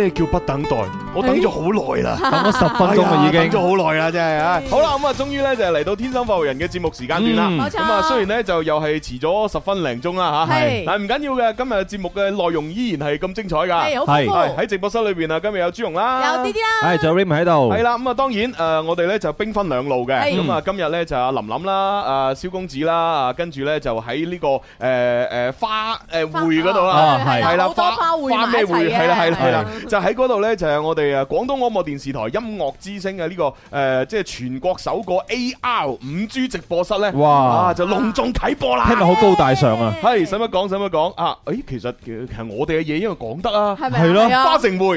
咩叫不等待？我等咗好耐啦，等咗十分鐘啦，已經等咗好耐啦，真係啊！好啦，咁啊，終於咧就嚟到天生發人嘅節目時間段啦。咁啊，雖然咧就又係遲咗十分零鐘啦吓，但唔緊要嘅，今日節目嘅內容依然係咁精彩噶，係喺直播室裏邊啊，今日有朱融啦，有啲啲啦，係就 Remy 喺度，係啦，咁啊，當然誒，我哋咧就兵分兩路嘅，咁啊，今日咧就阿琳琳啦，阿蕭公子啦，跟住咧就喺呢個誒誒花誒會嗰度啦，係係啦，花花會，花咩會？係啦係啦係啦。就喺度咧，就係我哋啊，廣東廣播電視台音樂之星嘅呢個誒，即係全國首個 AR 五 G 直播室咧。哇！就隆重啟播啦，聽落好高大上啊！係，使乜講使乜講啊？誒，其實其實我哋嘅嘢應該講得啊，係咪啊？係咯，花城匯。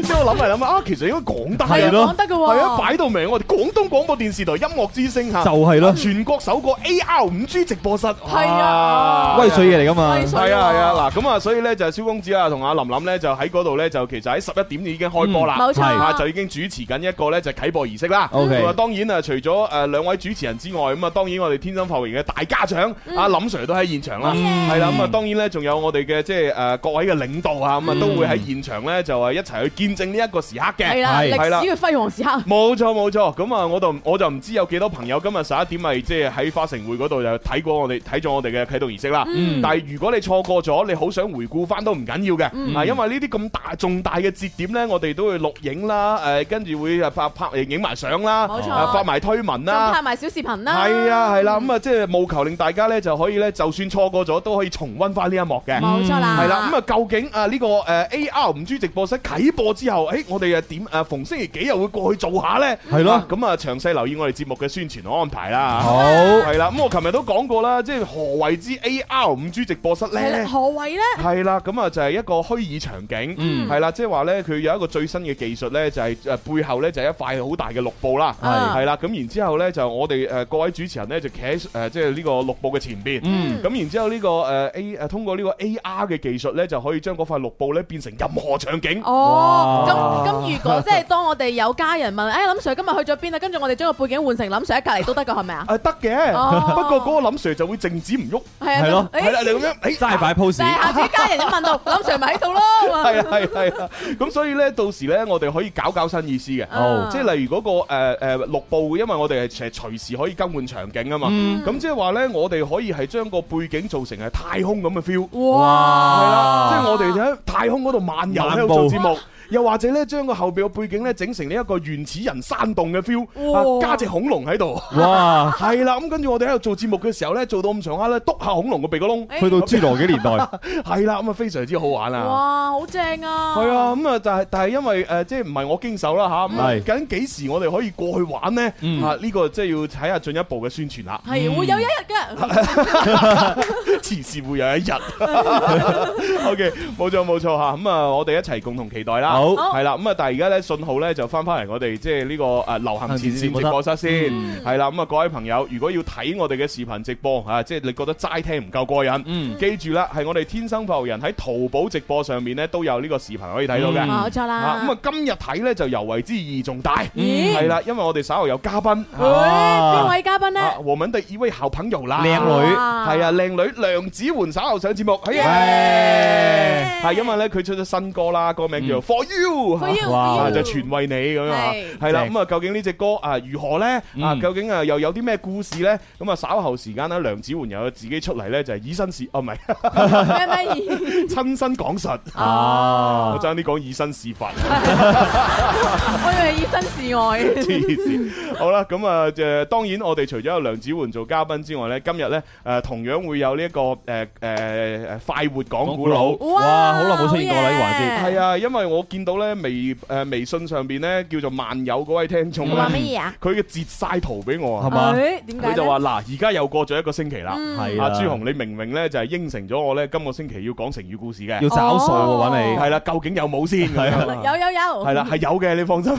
即係我諗嚟諗啊，其實應該講得係咯，講得嘅喎，係啊，擺到明我哋廣東廣播電視台音樂之星嚇，就係咯，全國首個 AR 五 G 直播室，係啊，威水嘢嚟㗎嘛，係啊係啊，嗱咁啊，所以咧就係蕭公子啊同阿林林。咁咧就喺嗰度咧就其實喺十一點已經開播啦，冇錯，吓就已經主持緊一個咧就啟播儀式啦。咁啊當然啊除咗誒兩位主持人之外，咁啊當然我哋天生浮盈嘅大家長阿林 Sir 都喺現場啦，係啦。咁啊當然咧仲有我哋嘅即係誒各位嘅領導啊，咁啊都會喺現場咧就係一齊去見證呢一個時刻嘅，係啦，歷史嘅輝煌時刻。冇錯冇錯，咁啊我就我就唔知有幾多朋友今日十一點係即係喺花城匯嗰度就睇過我哋睇咗我哋嘅啟動儀式啦。但係如果你錯過咗，你好想回顧翻都唔緊要嘅。因為呢啲咁大重大嘅節點咧，我哋都會錄影啦，誒，跟住會誒拍拍嚟影埋相啦，冇錯，發埋推文啦，拍埋小視頻啦。係啊，係啦，咁啊，即係務求令大家咧就可以咧，就算錯過咗都可以重溫翻呢一幕嘅。冇錯啦，係啦，咁啊，究竟啊呢個誒 A R 五 G 直播室啟播之後，誒我哋又點誒逢星期幾又會過去做下咧？係咯，咁啊詳細留意我哋節目嘅宣傳安排啦。好，係啦，咁我琴日都講過啦，即係何謂之 A R 五 G 直播室咧？何謂咧？係啦，咁啊就係一個虛。以場景，係啦，即係話咧，佢有一個最新嘅技術咧，就係誒背後咧就係一塊好大嘅綠布啦，係啦，咁然之後咧就我哋誒各位主持人咧就企喺誒即係呢個綠布嘅前邊，咁然之後呢個誒 A 通過呢個 AR 嘅技術咧就可以將嗰塊綠布咧變成任何場景。哦，咁咁如果即係當我哋有家人問，誒林 Sir 今日去咗邊啊？跟住我哋將個背景換成林 Sir 喺隔籬都得噶，係咪啊？得嘅，不過嗰個林 Sir 就會靜止唔喐，係咯，係啦就咁樣，誒揸住擺 pose，一下子家人就問到林 Sir 咪喺度咯。係啊係啊，咁 所以咧，到時咧，我哋可以搞搞新意思嘅，oh. 即係例如嗰、嗰個誒誒綠布，因為我哋係其實隨時可以更換場景啊嘛，咁、嗯、即係話咧，我哋可以係將個背景做成係太空咁嘅 feel，哇，係啦，即係我哋喺太空嗰度漫遊喺度做節目。又或者咧，將個後邊個背景咧整成呢一個原始人山洞嘅 feel，加隻恐龍喺度。哇，係啦，咁跟住我哋喺度做節目嘅時候咧，做到咁長下咧，督下恐龍個鼻哥窿，去到侏羅紀年代，係啦，咁啊非常之好玩啊！哇，好正啊！係啊，咁啊，但係但係因為誒，即係唔係我經手啦吓，咁究竟幾時我哋可以過去玩咧？啊，呢個即係要睇下進一步嘅宣傳啦。係，會有一日嘅，遲遲會有一日。OK，冇錯冇錯嚇，咁啊，我哋一齊共同期待啦。好係啦，咁啊，但係而家咧信號咧就翻翻嚟我哋即係呢個誒流行前線直播室先，係啦，咁啊各位朋友，如果要睇我哋嘅視頻直播啊，即係你覺得齋聽唔夠過癮，記住啦，係我哋天生泡人喺淘寶直播上面咧都有呢個視頻可以睇到嘅，冇錯啦。咁啊今日睇咧就尤為之意義重大，係啦，因為我哋稍後有嘉賓，邊位嘉賓咧？黃敏第二位好朋友啦，靚女係啊，靚女梁子媛稍後上節目，係啊，係因為咧佢出咗新歌啦，歌名叫要哇，就全為你咁樣，係啦。咁啊究竟呢隻歌啊如何咧啊，究竟啊又有啲咩故事咧？咁啊稍後時間咧，梁子媛又自己出嚟咧就係以身試啊，唔係咩，親身講實啊，我爭啲講以身試法，我以為以身試愛好啦。咁啊誒當然我哋除咗有梁子媛做嘉賓之外咧，今日咧誒同樣會有呢一個誒誒誒快活講古佬。哇，好耐冇出現過呢環節先，係啊，因為我見。見到咧微、誒微信上邊咧叫做萬有嗰位聽眾，佢話咩嘢啊？佢嘅截晒圖俾我啊，係嘛？佢點解？佢就話嗱，而家又過咗一個星期啦，係啊，朱紅，你明明咧就係應承咗我咧，今個星期要講成語故事嘅，要找數搵你，係啦，究竟有冇先？係啊，有有有，係啦，係有嘅，你放心。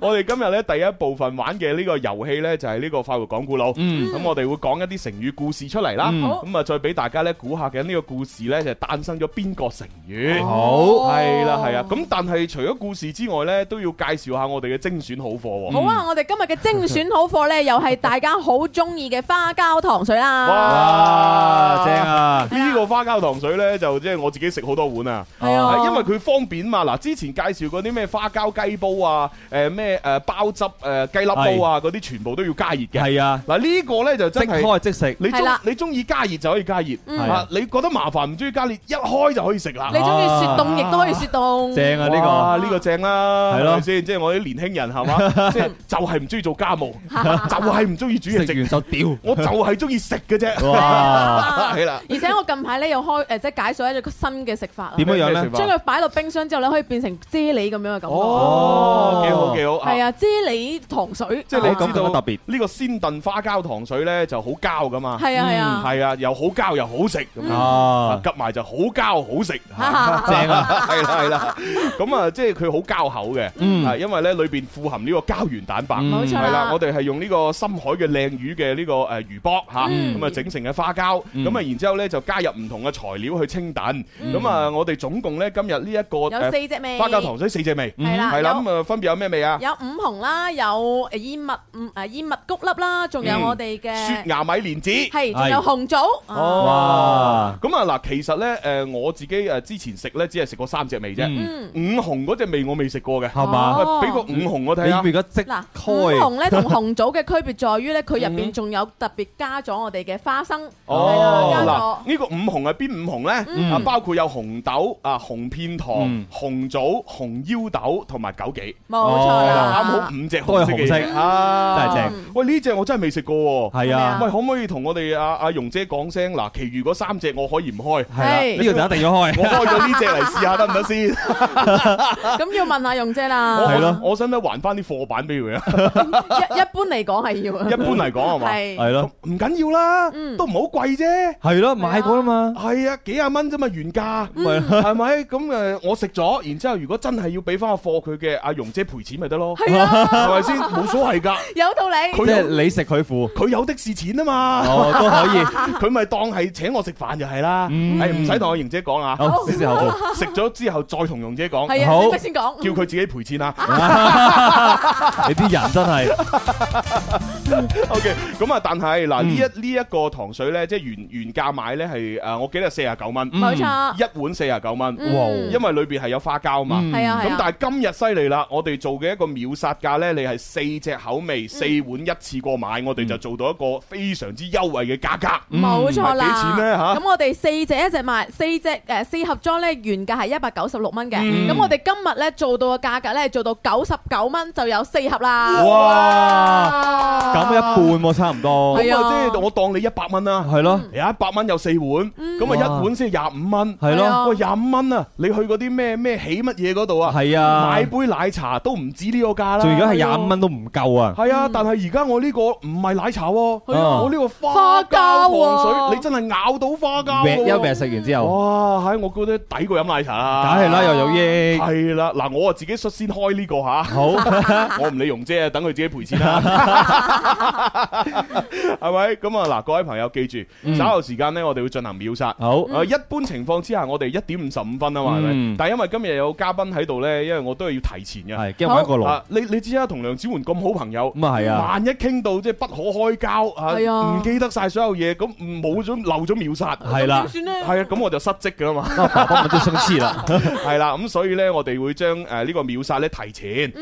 我哋今日咧第一部分玩嘅呢個遊戲咧就係呢個快活講古佬，嗯，咁我哋會講一啲成語故事出嚟啦，咁啊再俾大家咧估下嘅呢個故事咧就係誕生咗邊個成語？好係。係啊，咁但係除咗故事之外呢都要介紹下我哋嘅精選好貨喎。好啊，我哋今日嘅精選好貨呢，又係大家好中意嘅花膠糖水啊！哇，正啊！呢個花膠糖水呢，就即係我自己食好多碗啊。係啊，因為佢方便嘛。嗱，之前介紹嗰啲咩花膠雞煲啊，誒咩誒鮑汁誒雞粒煲啊，嗰啲全部都要加熱嘅。係啊，嗱呢個呢，就真係即開即食。你中你中意加熱就可以加熱。啊，你覺得麻煩唔中意加熱，一開就可以食啦。你中意雪凍亦都可以雪凍。正啊，呢個，呢個正啦，係咪先？即係我啲年輕人係嘛，即係就係唔中意做家務，就係唔中意煮嘢食，食完就掉，我就係中意食嘅啫。係啦，而且我近排咧又開誒，即係解鎖一個新嘅食法。點樣樣咧？將佢擺落冰箱之後咧，可以變成啫喱咁樣嘅感覺。哦，幾好幾好。係啊，啫喱糖水。即係你知道特別呢個鮮燉花膠糖水咧，就好膠噶嘛。係啊係啊。係啊，又好膠又好食咁啊，急埋就好膠好食，正啊，係啦。係啦，咁啊，即係佢好膠口嘅，嗯，係因為咧裏邊富含呢個膠原蛋白，冇錯，係啦，我哋係用呢個深海嘅靚魚嘅呢個誒魚卜吓，咁啊整成嘅花膠，咁啊然之後咧就加入唔同嘅材料去清燉，咁啊我哋總共咧今日呢一個有四隻味花膠糖水四隻味係啦，咁啊分別有咩味啊？有五紅啦，有燕麥，嗯啊，燕麥谷粒啦，仲有我哋嘅雪牙米蓮子係，仲有紅棗。哇！咁啊嗱，其實咧誒我自己誒之前食咧只係食過三隻味。嗯，五紅嗰隻味我未食過嘅，係嘛？俾個五紅我睇下。如果即開，五紅咧同紅棗嘅區別在於咧，佢入邊仲有特別加咗我哋嘅花生。哦，呢個五紅係邊五紅咧？啊，包括有紅豆、啊紅片糖、紅棗、紅腰豆同埋枸杞。冇錯，啱好五隻紅色嘅色啊，真係正。喂，呢隻我真係未食過喎。係啊，喂，可唔可以同我哋阿阿蓉姐講聲嗱？其餘嗰三隻我可以唔開。係呢個就一定要開。我開咗呢隻嚟試下得唔得先？咁要問阿容姐啦。我我使唔使還翻啲貨板俾佢啊？一一般嚟講係要。一般嚟講係嘛？係。係咯。唔緊要啦，都唔好貴啫。係咯，買過啊嘛。係啊，幾廿蚊啫嘛，原價。係咪？咁誒，我食咗，然之後如果真係要俾翻個貨佢嘅阿容姐賠錢，咪得咯？係啊。係咪先？冇所謂噶。有道理。佢係你食佢付，佢有的是錢啊嘛。都可以。佢咪當係請我食飯就係啦。係唔使同阿瑩姐講啊。好。食咗之後。再同容姐講，係的好，先叫佢自己賠錢啊！ 你啲人真係，OK，咁啊，但係嗱呢一呢一個糖水咧，即係原原價買咧係誒，我記得四十九蚊，冇錯，一碗四十九蚊，哇，因為裏邊係有花膠啊嘛，係啊，咁但係今日犀利啦，我哋做嘅一個秒殺價咧，你係四隻口味四碗一次過買，我哋就做到一個非常之優惠嘅價格，冇錯啦，幾錢咧吓？咁我哋四隻一隻賣，四隻誒四盒裝咧原價係一百九十六蚊嘅，咁我哋今日咧做到嘅價格咧做到九十九蚊就。有四盒啦，哇，減咗一半差唔多，咁啊即係我當你一百蚊啦，係咯，有一百蚊有四碗，咁啊一碗先係廿五蚊，係咯，喂，廿五蚊啊，你去嗰啲咩咩起乜嘢嗰度啊，係啊，買杯奶茶都唔止呢個價啦，最緊，係廿五蚊都唔夠啊，係啊，但係而家我呢個唔係奶茶喎，我呢個花膠糖水，你真係咬到花膠，食完之後，哇，喺我覺得抵過飲奶茶，梗係啦，又有益，係啦，嗱，我啊自己率先開呢個吓，好。我唔理容姐，等佢自己賠錢啦，係咪？咁啊嗱，各位朋友記住，稍後時間咧，我哋會進行秒殺。好，一般情況之下，我哋一點五十五分啊嘛，係咪？但係因為今日有嘉賓喺度咧，因為我都係要提前嘅，驚一個你你知啦，同梁子媛咁好朋友咁啊係啊，萬一傾到即係不可開交，係啊，唔記得晒所有嘢，咁冇咗漏咗秒殺，係啦，點算咧？係啊，咁我就失職噶啦嘛，我都要生氣啦，係啦，咁所以咧，我哋會將誒呢個秒殺咧提前。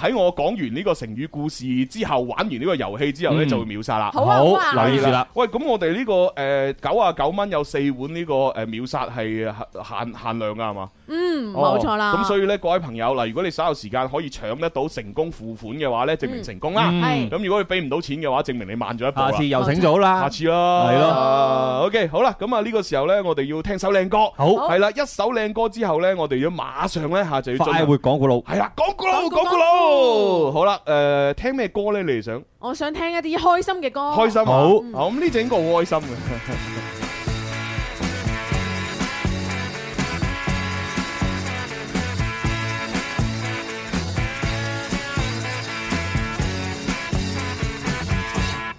喺我講完呢個成語故事之後，玩完呢個遊戲之後呢，就會秒殺啦，嗯。好、啊，留意住啦。喂，咁我哋呢、這個誒九啊九蚊有四碗呢個誒秒殺係限限量噶係嘛？嗯，冇錯啦。咁所以咧，各位朋友嗱，如果你稍有時間可以搶得到成功付款嘅話咧，證明成功啦。係。咁如果佢俾唔到錢嘅話，證明你慢咗一步。下次又醒咗啦。下次咯，係咯。OK，好啦。咁啊，呢個時候咧，我哋要聽首靚歌。好，係啦，一首靚歌之後咧，我哋要馬上咧，下就要盡快會講古佬。係啦，講古佬，講古佬。好啦，誒，聽咩歌咧？你哋想？我想聽一啲開心嘅歌。開心，好。咁呢整個開心嘅。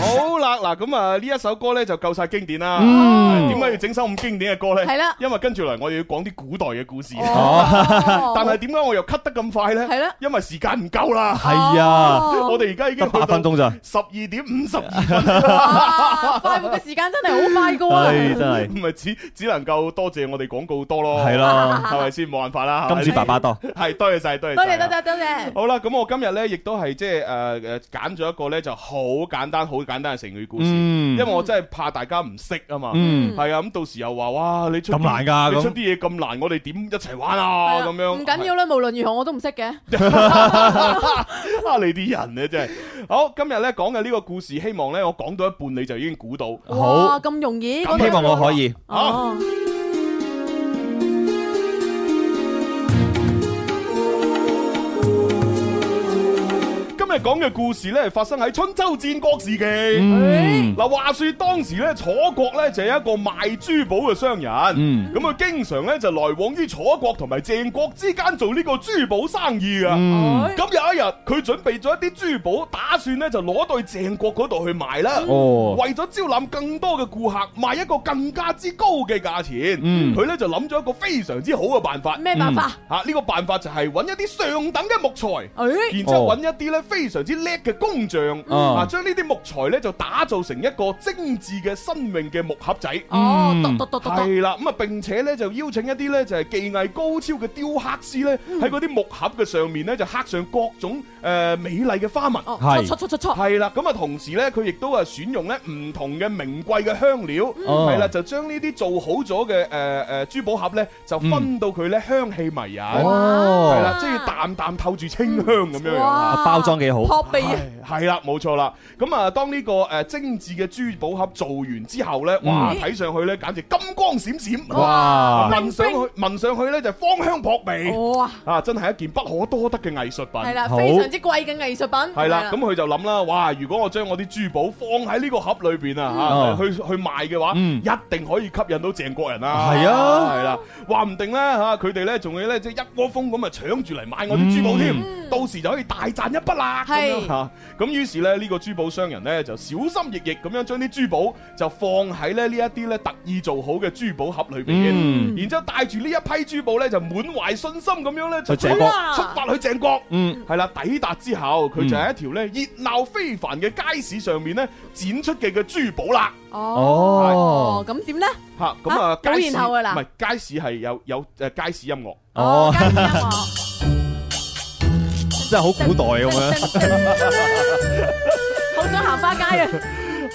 好啦，嗱咁啊，呢一首歌咧就夠晒經典啦。嗯，點解要整首咁經典嘅歌咧？係啦，因為跟住嚟我哋要講啲古代嘅故事。哦，但係點解我又 cut 得咁快咧？係啦，因為時間唔夠啦。係啊，我哋而家已經八分鐘咋？十二點五十二分，快活嘅時間真係好快噶喎。係真係，唔係只只能夠多謝我哋廣告多咯。係咯，係咪先？冇辦法啦，金主爸爸多。係多謝晒，多謝，多謝，多謝。好啦，咁我今日咧亦都係即係誒誒揀咗一個咧就好簡單。好簡單嘅成語故事，因為我真係怕大家唔識啊嘛，係啊，咁到時又話哇，你出咁難噶，你出啲嘢咁難，我哋點一齊玩啊？咁樣唔緊要啦，無論如何我都唔識嘅，你啲人咧真係好。今日咧講嘅呢個故事，希望咧我講到一半你就已經估到，好，咁容易？咁希望我可以。講嘅故事咧，發生喺春秋戰國時期。嗱、嗯，話說當時咧，楚國咧就係一個賣珠寶嘅商人。咁啊、嗯，佢經常咧就來往於楚國同埋鄭國之間做呢個珠寶生意啊。咁、嗯、有一日，佢準備咗一啲珠寶，打算咧就攞到去鄭國嗰度去賣啦。嗯、為咗招攬更多嘅顧客，賣一個更加之高嘅價錢。佢咧、嗯、就諗咗一個非常之好嘅辦法。咩辦法？吓、嗯，呢、啊這個辦法就係搵一啲上等嘅木材，然之後搵一啲咧非。非常之叻嘅工匠，嗱、嗯，將呢啲木材咧就打造成一個精致嘅生命嘅木盒仔。哦、嗯，係啦，咁啊，並且咧就邀請一啲咧就係、是、技藝高超嘅雕刻師咧，喺嗰啲木盒嘅上面咧就刻上各種誒、呃、美麗嘅花紋。係、哦，係啦，咁啊，同時咧佢亦都係選用咧唔同嘅名貴嘅香料，係啦、嗯，就將呢啲做好咗嘅誒誒珠寶盒咧就分到佢咧香氣迷人。哦、嗯，係啦，即係、就是、淡淡透住清香咁樣樣包裝嘅。撲鼻，係啦，冇錯啦。咁啊，當呢個誒精致嘅珠寶盒做完之後呢，哇，睇上去呢，簡直金光閃閃。哇！聞上去，聞上去咧就芳香撲鼻。啊，真係一件不可多得嘅藝術品。係啦，非常之貴嘅藝術品。係啦，咁佢就諗啦，哇！如果我將我啲珠寶放喺呢個盒裏邊啊，吓去去賣嘅話，一定可以吸引到鄭國人啦。係啊，係啦，話唔定呢，吓，佢哋呢，仲會呢，即係一窩蜂咁啊搶住嚟買我啲珠寶添。到時就可以大賺一筆啦，咁樣吓，咁於是咧呢個珠寶商人咧就小心翼翼咁樣將啲珠寶就放喺咧呢一啲咧特意做好嘅珠寶盒裏邊，然之後帶住呢一批珠寶咧就滿懷信心咁樣咧就出發去鄭國，嗯，係啦，抵達之後佢就喺一條咧熱鬧非凡嘅街市上面咧展出嘅嘅珠寶啦，哦，咁點咧？吓，咁啊街市唔係街市係有有誒街市音樂哦。真係好古代咁樣，好想行花街啊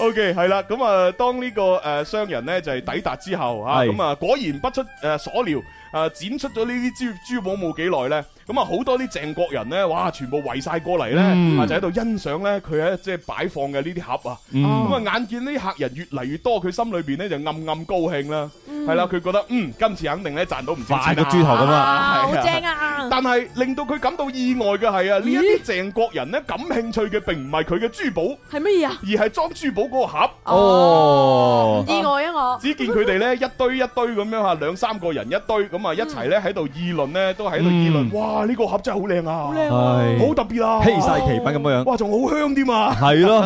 ！OK，係啦，咁啊，當呢、這個誒、呃、商人咧就係、是、抵達之後啊，咁是啊，果然不出誒、呃、所料。啊！展出咗呢啲珠珠寶冇幾耐咧，咁啊好多啲鄭國人咧，哇！全部圍晒過嚟咧，就喺度欣賞咧佢喺即係擺放嘅呢啲盒啊。咁啊眼見呢啲客人越嚟越多，佢心裏邊咧就暗暗高興啦。係啦，佢覺得嗯，今次肯定咧賺到唔少錢啦。大個豬頭咁啊，好正啊！但係令到佢感到意外嘅係啊，呢一啲鄭國人咧感興趣嘅並唔係佢嘅珠寶，係乜嘢啊？而係裝珠寶嗰個盒哦！意外啊，我只見佢哋咧一堆一堆咁樣吓，兩三個人一堆咁。咁啊，一齊咧，喺度議論咧，都喺度議論。哇，呢個盒真係好靚啊，好靚，好特別啊，稀世奇品咁樣樣。哇，仲好香添啊。係咯。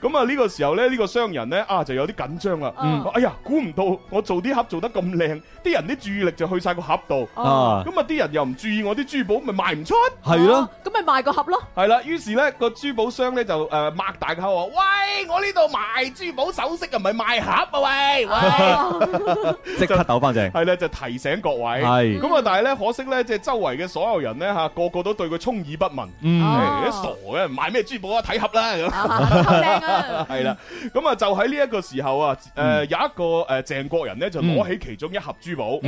咁啊，呢個時候咧，呢個商人咧啊，就有啲緊張啦。嗯。哎呀，估唔到我做啲盒做得咁靚，啲人啲注意力就去晒個盒度啊。咁啊，啲人又唔注意我啲珠寶，咪賣唔出。係咯。咁咪賣個盒咯。係啦，於是咧個珠寶商咧就誒，擘大個口話：，喂，我呢度賣珠寶首飾，又唔係賣盒啊！喂喂，即刻抖翻正。係咧，就提醒。請各位係咁啊！但係咧，可惜咧，即係周圍嘅所有人咧吓，個個都對佢充耳不聞，啲傻嘅，買咩珠寶啊？睇盒啦咁，係啦。咁啊，就喺呢一個時候啊，誒，有一個誒鄭國人咧，就攞起其中一盒珠寶，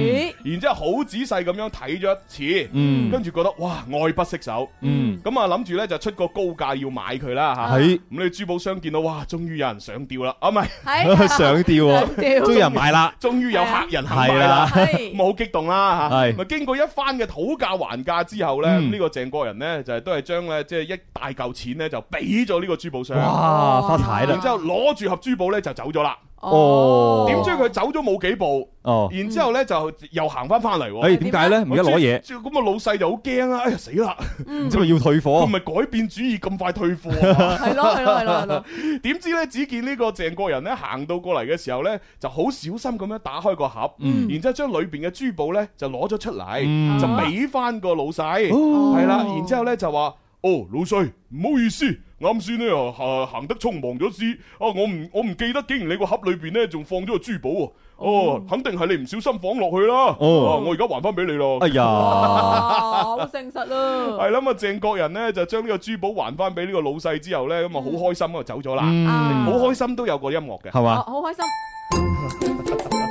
然之後好仔細咁樣睇咗一次，嗯，跟住覺得哇，愛不釋手，嗯，咁啊，諗住咧就出個高價要買佢啦，吓，咁你珠寶商見到哇，終於有人上吊啦，啊唔係上吊，終於有人買啦，終於有客人係啦，冇。好激動啦吓，咪是經過一番嘅討價還價之後咧，呢、嗯、個鄭國人咧就係都係將咧，即係一大嚿錢咧就俾咗呢個珠寶商，哇發財啦，然之後攞住盒珠寶咧就走咗啦。哦，點知佢走咗冇幾步，哦，然之後咧就又行翻翻嚟喎。哎，點解咧？唔一攞嘢，咁個老細就好驚啦。哎呀，死啦，唔知咪要退貨？係咪改變主意咁快退貨？係咯，係咯，係咯，係咯。點知咧？只見呢個鄭國人咧行到過嚟嘅時候咧，就好小心咁樣打開個盒，然之後將裏邊嘅珠寶咧就攞咗出嚟，就俾翻個老細，係啦。然之後咧就話：，哦，老細，唔好意思。啱先呢，啊，行得匆忙咗先啊我唔我唔記得，竟然你個盒裏邊咧仲放咗個珠寶喎，哦、啊，嗯、肯定係你唔小心放落去啦，哦、嗯啊，我而家還翻俾你咯，哎呀， 好誠實咯，係啦， 咁啊鄭國人咧就將呢個珠寶還翻俾呢個老細之後咧，咁啊好開心就走、嗯、啊走咗啦，好開心都有個音樂嘅，係嘛吧，好開心。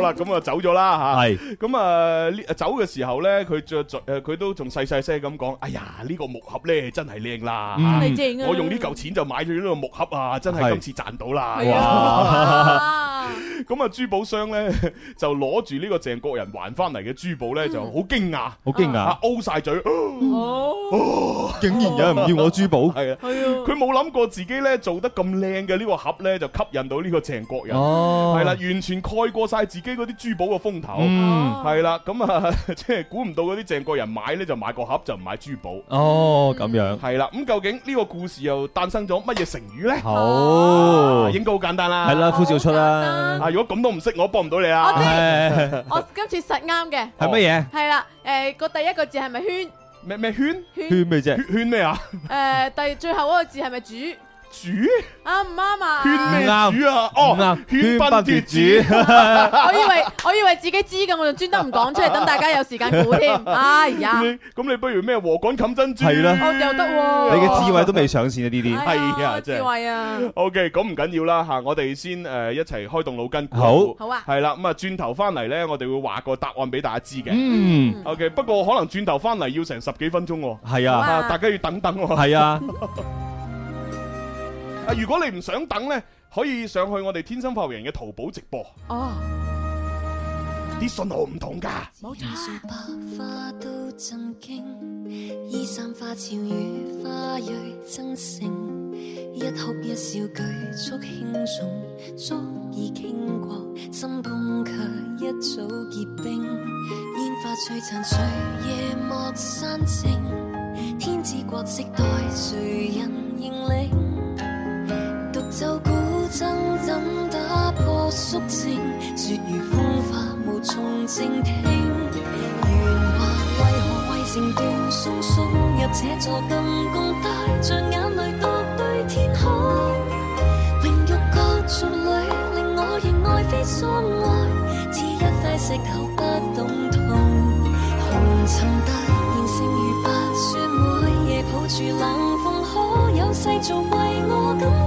啦咁啊走咗啦吓，係，咁啊呢走嘅時候咧，佢着着誒，佢都仲細細聲咁講，哎呀，呢個木盒咧真係靚啦，我用呢嚿錢就買咗呢個木盒啊，真係今次賺到啦！哇，咁啊珠寶商咧就攞住呢個鄭國人還翻嚟嘅珠寶咧，就好驚訝，好驚訝，O 晒嘴，竟然有人唔要我珠寶，係啊，佢冇諗過自己咧做得咁靚嘅呢個盒咧，就吸引到呢個鄭國人，哦，係啦，完全蓋過晒自己。啲啲珠寶嘅風頭，係啦，咁啊，即係估唔到嗰啲鄭國人買咧就買個盒，就唔買珠寶。哦，咁樣係啦，咁究竟呢個故事又誕生咗乜嘢成語咧？好，應該好簡單啦，係啦，呼之欲出啦。啊，如果咁都唔識，我幫唔到你啊。我今次實啱嘅。係乜嘢？係啦，誒，個第一個字係咪圈？咩咩圈？圈咩啫？圈咩啊？誒，第最後嗰個字係咪珠？煮啊，唔啱啊，勸命煮啊，唔啱，勸笨脱煮。我以為我以為自己知嘅，我就專登唔講出嚟，等大家有時間估添。哎呀，咁你不如咩和趕冚珍珠係啦，又得。你嘅智慧都未上線啊呢啲！d 係啊，真係智慧啊。OK，咁唔緊要啦吓，我哋先誒一齊開動腦筋。好，好啊。係啦，咁啊轉頭翻嚟咧，我哋會畫個答案俾大家知嘅。嗯。OK，不過可能轉頭翻嚟要成十幾分鐘。係啊，大家要等等。係啊。如果你唔想等呢，可以上去我哋天生發源嘅淘寶直播。哦，啲信號唔同噶。冇錯。啊奏古箏怎打破肅靜？雪如風化無從靜聽。圓滑為何為情斷送，送入這座禁宮帶着眼淚獨對天空。榮辱角逐裏，令我仍愛非所愛。只一塊石頭不懂痛。紅塵突然剩如白雪，每夜抱住冷風，可有世俗為我？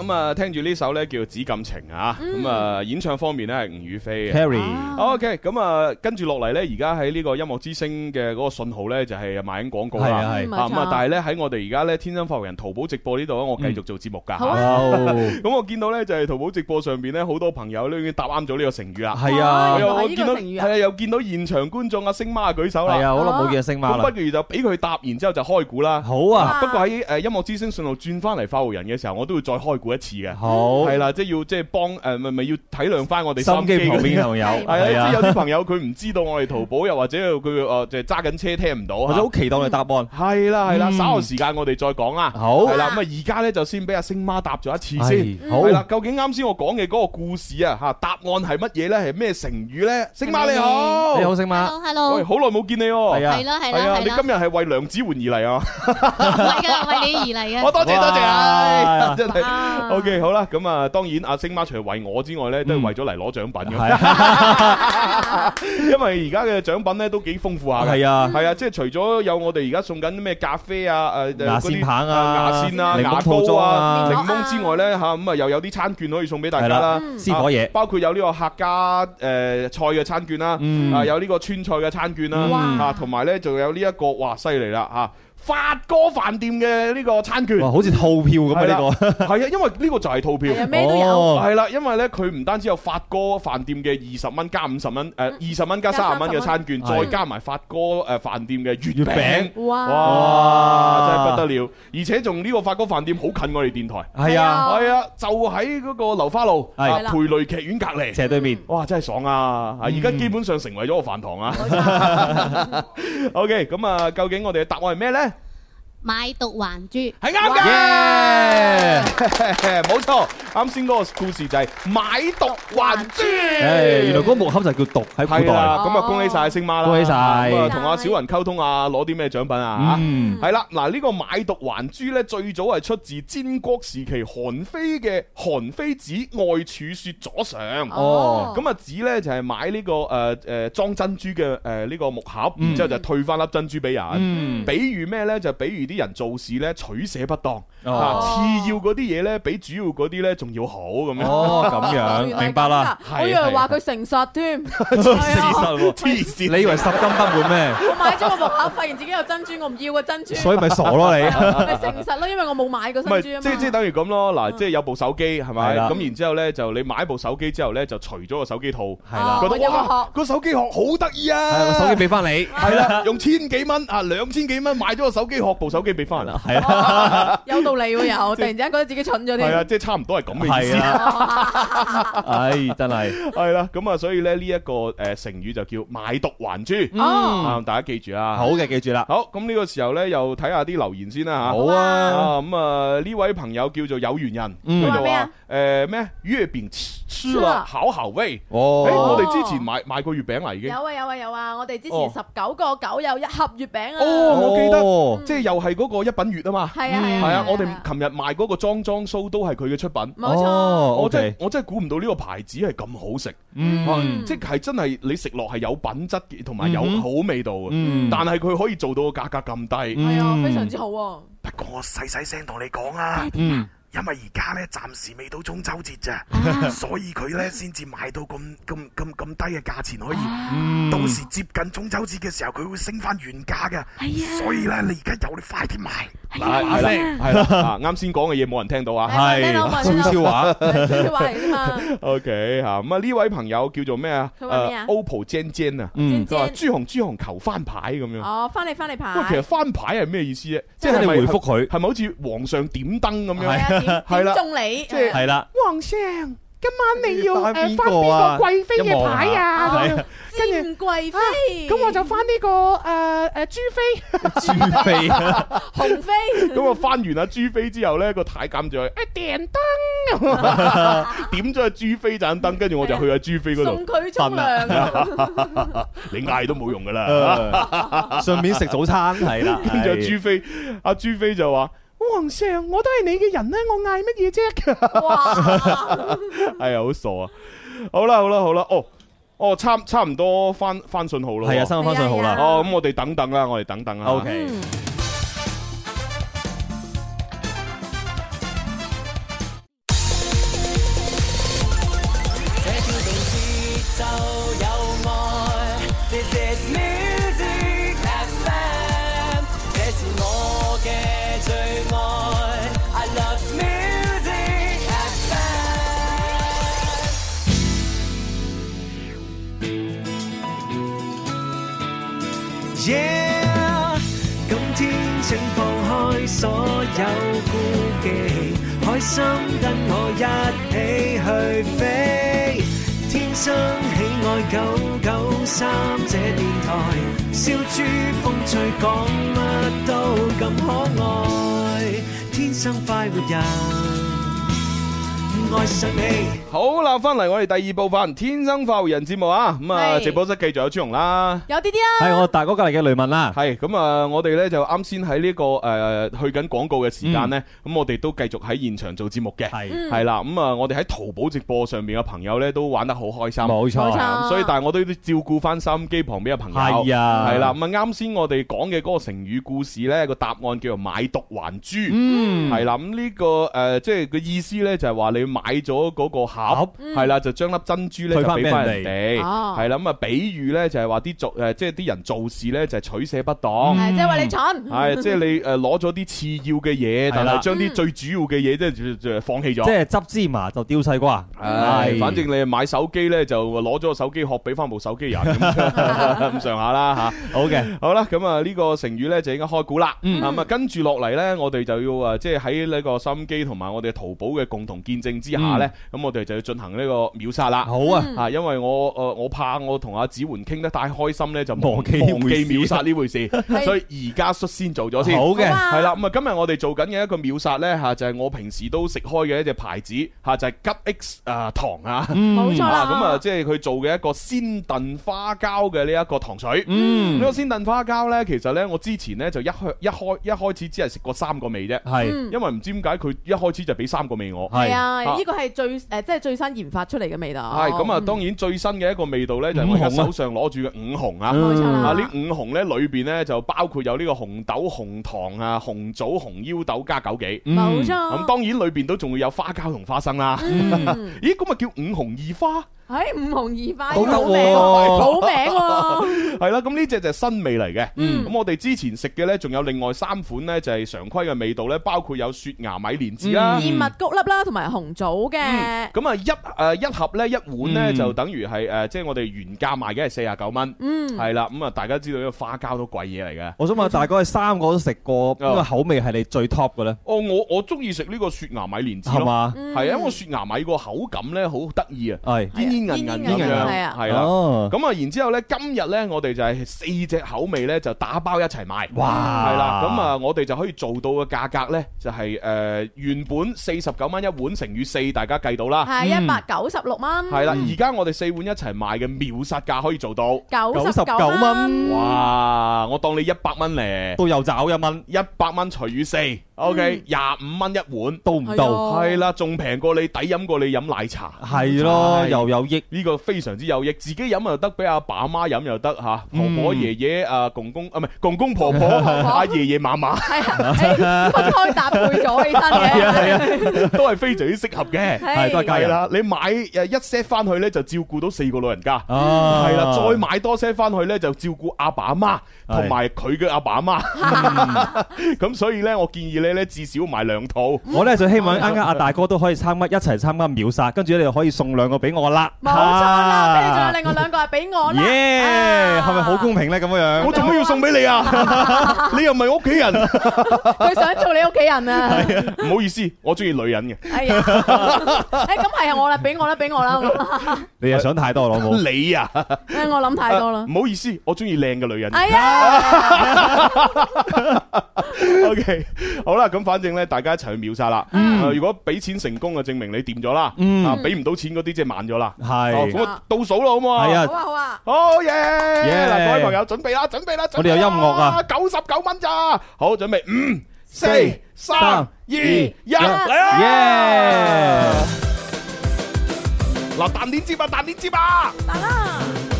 咁啊，聽住呢首咧叫《紫禁情》啊，咁啊，演唱方面咧係吳雨霏嘅。Harry，OK，咁啊，跟住落嚟咧，而家喺呢個音樂之聲嘅嗰個信號咧，就係賣緊廣告啦，啊，係啊，咁啊，但係咧喺我哋而家咧，天生發匯人淘寶直播呢度我繼續做節目噶。好，咁我見到咧就係淘寶直播上邊咧，好多朋友都已經答啱咗呢個成語啦。係啊，我見到係啊，又見到現場觀眾阿星媽舉手啦。係啊，好耐冇見星媽啦。不如就俾佢答，然之後就開估啦。好啊，不過喺誒音樂之聲信號轉翻嚟發匯人嘅時候，我都會再開估。一次嘅，好係啦，即係要即係幫誒，咪咪要體諒翻我哋心機旁邊嘅朋友係即係有啲朋友佢唔知道我哋淘寶，又或者佢誒就係揸緊車聽唔到，或者好期待嘅答案。係啦係啦，稍後時間我哋再講啦。好，係啦咁啊，而家咧就先俾阿星媽答咗一次先。好，係啦，究竟啱先我講嘅嗰個故事啊吓，答案係乜嘢咧？係咩成語咧？星媽你好，你好星媽，Hello，喂，好耐冇見你哦。係啊，係啦，係啦，你今日係為梁子媛而嚟啊？唔係噶，為你而嚟嘅。我多謝多謝啊，真係。O K，好啦，咁啊，當然阿星媽除為我之外呢，都係為咗嚟攞獎品嘅，因為而家嘅獎品呢，都幾豐富下嘅，係啊，係啊，即係除咗有我哋而家送緊咩咖啡啊、誒嗰啲牙線棒啊、牙線啊、檸檬啊、檸檬之外呢，嚇，咁啊又有啲餐券可以送俾大家啦，包括有呢個客家誒菜嘅餐券啦，啊有呢個川菜嘅餐券啦，啊同埋呢，仲有呢一個哇犀利啦嚇！發哥飯店嘅呢個餐券，好似套票咁啊呢個，係啊，因為呢個就係套票，係咩都有，係啦，因為呢，佢唔單止有發哥飯店嘅二十蚊加五十蚊，誒，二十蚊加三十蚊嘅餐券，再加埋發哥誒飯店嘅月餅，哇，真係不得了，而且仲呢個發哥飯店好近我哋電台，係啊，係啊，就喺嗰個流花路，係，蓓蕾劇院隔籬，斜對面，哇，真係爽啊，而家基本上成為咗我飯堂啊，OK，咁啊，究竟我哋嘅答案係咩呢？買櫝還珠係啱嘅，冇錯。啱先嗰個故事就係買櫝還珠、欸。原來嗰個木盒就叫櫝」。喺古代。係啦，咁啊，恭喜曬星媽啦！恭喜曬。同阿小雲溝通啊，攞啲咩獎品啊？吓、嗯，係啦。嗱，呢個買櫝還珠咧，最早係出自戰國時期韓非嘅《韓非子外儲說左上》。哦。咁啊、這個，指咧就係買呢個誒誒裝珍珠嘅誒呢個木盒，然、嗯、之後就退翻粒珍珠俾人。嗯、比如咩咧？就比如。啲人做事咧，取捨不當，次要嗰啲嘢咧，比主要嗰啲咧仲要好咁樣。哦，咁樣明白啦。我以為話佢誠實添，誠實？你以為拾金不昧咩？我買咗個木盒，發現自己有珍珠，我唔要啊珍珠。所以咪傻咯你？咪誠實咯，因為我冇買過珍珠。咪即即等於咁咯嗱，即係有部手機係咪？咁然之後咧就你買部手機之後咧就除咗個手機套，係啦。個手機殼，個手機殼好得意啊！我手機俾翻你，係啦，用千幾蚊啊，兩千幾蚊買咗個手機殼部手。手機俾翻人啦，係啊，有道理喎！又突然之間覺得自己蠢咗啲，係啊，即係差唔多係咁嘅意思。係真係係啦，咁啊，所以咧呢一個誒成語就叫買櫝還珠。哦，大家記住啊，好嘅，記住啦。好，咁呢個時候咧又睇下啲留言先啦吓。好啊，咁啊呢位朋友叫做有緣人，叫做咩啊？誒咩月餅輸啦，考後衛哦。我哋之前買買過月餅嚟嘅，有啊有啊有啊。我哋之前十九個九有一盒月餅啊。哦，我記得即係又係。係嗰個一品月啊嘛，係啊係啊，我哋琴日賣嗰個裝裝蘇都係佢嘅出品，冇錯。我真我真係估唔到呢個牌子，係咁好食，即係真係你食落係有品質同埋有好味道嘅，但係佢可以做到個價格咁低，係啊，非常之好。不過，我細細聲同你講啊。因為而家咧暫時未到中秋節咋，所以佢咧先至買到咁咁咁咁低嘅價錢可以。到時接近中秋節嘅時候，佢會升翻原價嘅。係啊，所以咧你而家有你快啲買。嗱，係啱先講嘅嘢，冇人聽到啊，係悄悄話。悄悄話嘛。O K 吓，咁啊呢位朋友叫做咩啊？OPPO Gen Gen 啊。g 朱紅朱紅求翻牌咁樣。哦，翻嚟翻嚟。牌。喂，其實翻牌係咩意思咧？即係你回復佢，係咪好似皇上點燈咁樣？係啦，中你即係係啦，皇了上今晚你要誒翻邊個貴、啊、妃嘅牌啊？跟住貴妃，咁後、啊、我就翻呢、這個誒誒朱妃，朱妃、啊、 妃。紅妃。咁我翻完阿、啊、朱妃之後咧個太監就誒 點燈，點咗阿朱妃盞燈，跟住我就去阿朱妃嗰度，送佢沖涼，你嗌都冇用噶啦，順 便食早餐係啦，跟住阿朱妃。阿、啊、朱妃就話。皇上，我都係你嘅人咧，我嗌乜嘢啫？哇！哎呀，好傻啊！好啦，好啦，好啦，哦，哦，差差唔多翻翻信號咯，係啊，差唔多翻信號啦。哎、呀哦，咁我哋等等啦，我哋等等啦。o Okay . k、嗯耶！今天請放開所有顧忌，開心跟我一起去飛。天生喜愛九九三這電台，笑豬風趣講乜都咁可愛，天生快活人愛上你。好啦，翻嚟，我哋第二部分《天生化育人》節目啊！咁啊，直播室繼續有朱紅啦，有啲啲啊，係我大哥隔籬嘅雷文啦。係咁啊，我哋咧就啱先喺呢個誒去緊廣告嘅時間咧，咁我哋都繼續喺現場做節目嘅。係係啦，咁啊，我哋喺淘寶直播上邊嘅朋友咧都玩得好開心。冇錯，所以但係我都要照顧翻收音機旁邊嘅朋友。係啊，係啦。咁啊，啱先我哋講嘅嗰個成語故事咧，個答案叫做買櫝還珠。嗯，係啦。咁呢個誒，即係個意思咧，就係話你買咗嗰個。好係啦，就將粒珍珠咧退翻人哋，係啦，咁啊，比喻咧就係話啲做誒，即係啲人做事咧就係取捨不當，即係話你蠢，係即係你誒攞咗啲次要嘅嘢，但係將啲最主要嘅嘢即係放棄咗，即係執芝麻就丟西瓜，係，反正你買手機咧就攞咗個手機殼，俾翻部手機人咁上下啦吓。好嘅，好啦，咁啊呢個成語咧就應該開估啦，咁啊跟住落嚟咧，我哋就要啊即係喺呢個心機同埋我哋淘寶嘅共同見證之下咧，咁我哋。就要進行呢個秒殺啦，好啊，啊，因為我誒我怕我同阿子媛傾得太開心咧，就忘記忘記秒殺呢回事，所以而家率先做咗先，好嘅，係啦。咁啊，今日我哋做緊嘅一個秒殺咧，嚇就係我平時都食開嘅一隻牌子嚇，就係吉 X 啊糖啊，冇錯啦。咁啊，即係佢做嘅一個鮮燉花膠嘅呢一個糖水。嗯，呢個鮮燉花膠咧，其實咧我之前咧就一開一開一開始只係食過三個味啫，係，因為唔知點解佢一開始就俾三個味我。係啊，呢個係最誒即係。最新研發出嚟嘅味道，係咁啊！嗯、當然最新嘅一個味道呢，就係、我手上攞住嘅五紅啊！紅啊，嗯、啊，呢五紅呢裏邊呢，就包括有呢個紅豆、紅糖啊、紅棗、紅腰豆加枸杞，冇錯。咁當然裏邊都仲會有花膠同花生啦。嗯、 咦，咁咪叫五紅二花？五紅二花好名，好名喎。係啦，咁呢隻就係新味嚟嘅。嗯，咁我哋之前食嘅呢，仲有另外三款呢，就係常規嘅味道呢，包括有雪芽米蓮子啦、燕麥谷粒啦，同埋紅棗嘅。咁啊，一誒一盒呢，一碗呢，就等於係誒，即係我哋原價賣嘅係四十九蚊。嗯，係啦，咁啊，大家知道呢個花膠都貴嘢嚟嘅。我想問大家，三個都食過，邊個口味係你最 top 嘅呢？哦，我我中意食呢個雪芽米蓮子嘛，係啊，因為雪芽米個口感呢，好得意啊，係。銀銀係啦，咁啊，然之後,後呢，今日呢，我哋就係四隻口味呢，就打包一齊賣，哇！係啦，咁啊，我哋就可以做到嘅價格呢，就係、是、誒、呃、原本四十九蚊一碗乘以四，大家計到啦，係一百九十六蚊。係啦，而家我哋四碗一齊賣嘅秒殺價可以做到九十九蚊，嗯、元哇！我當你一百蚊咧，都有找一蚊，一百蚊除以四。O K，廿五蚊一碗，到唔到？係啦，仲平過你，抵飲過你飲奶茶，係咯，又有益。呢個非常之有益，自己飲又得，俾阿爸阿媽飲又得吓，婆婆爺爺啊，公公啊，唔係公公婆婆，阿爺爺嫲嫲，係啊，分開搭配咗，真係係啊，都係非常之適合嘅，係都係計啦。你買誒一 set 翻去咧，就照顧到四個老人家，係啦，再買多一 set 翻去咧，就照顧阿爸阿媽同埋佢嘅阿爸阿媽。咁所以咧，我建議你。咧至少買兩套，我咧就希望啱啱阿大哥都可以參加，一齊參加秒殺，跟住你就可以送兩個俾我啦。冇錯啦，跟住仲有另外兩個俾我。耶，係咪好公平咧？咁樣樣，我做乜要送俾你啊？你又唔係屋企人，佢想做你屋企人啊？係啊，唔好意思，我中意女人嘅。哎呀，哎咁係啊，我啦，俾我啦，俾我啦。你又想太多咯，我你啊？我諗太多啦。唔好意思，我中意靚嘅女人。係啊。OK，好啦。咁反正咧，大家一齊去秒殺啦。如果俾錢成功，就證明你掂咗啦。啊，俾唔到錢嗰啲即係慢咗啦。係，咁倒數咯，好唔好啊？好啊，好啊。好耶！嗱，各位朋友準備啦，準備啦，我哋有音樂噶，九十九蚊咋？好，準備五、四、三、二、一，嚟啊！嗱，彈鏈接啊，彈鏈接啊。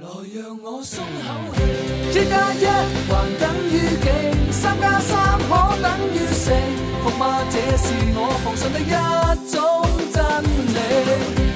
來讓我鬆口氣，一加一還等於幾？三加三可等於四？服嗎？這是我奉上的一種真理。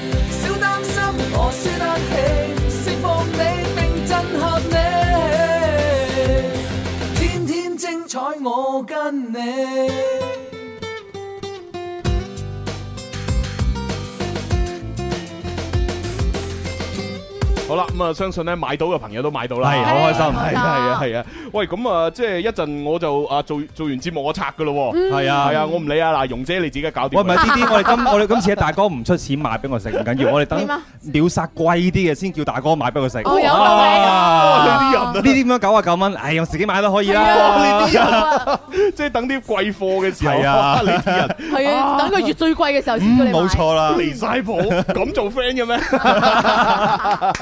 好啦，咁啊，相信咧買到嘅朋友都買到啦，係好開心，係啊，係啊，係啊。喂，咁啊，即係一陣我就啊做做完節目我拆噶咯，係啊，係啊，我唔理啊。嗱，容姐你自己搞掂。喂，唔係呢啲，我哋今我哋今次大哥唔出錢買俾我食，唔緊要，我哋等秒殺貴啲嘅先叫大哥買俾佢食。有啊，呢啲人，呢啲咁樣九啊九蚊，哎呀，自己買都可以啦。呢啲人，即係等啲貴貨嘅時候。係啊，呢啲人。係啊，等個月最貴嘅時候先叫你買。冇錯啦，離晒譜，咁做 friend 嘅咩？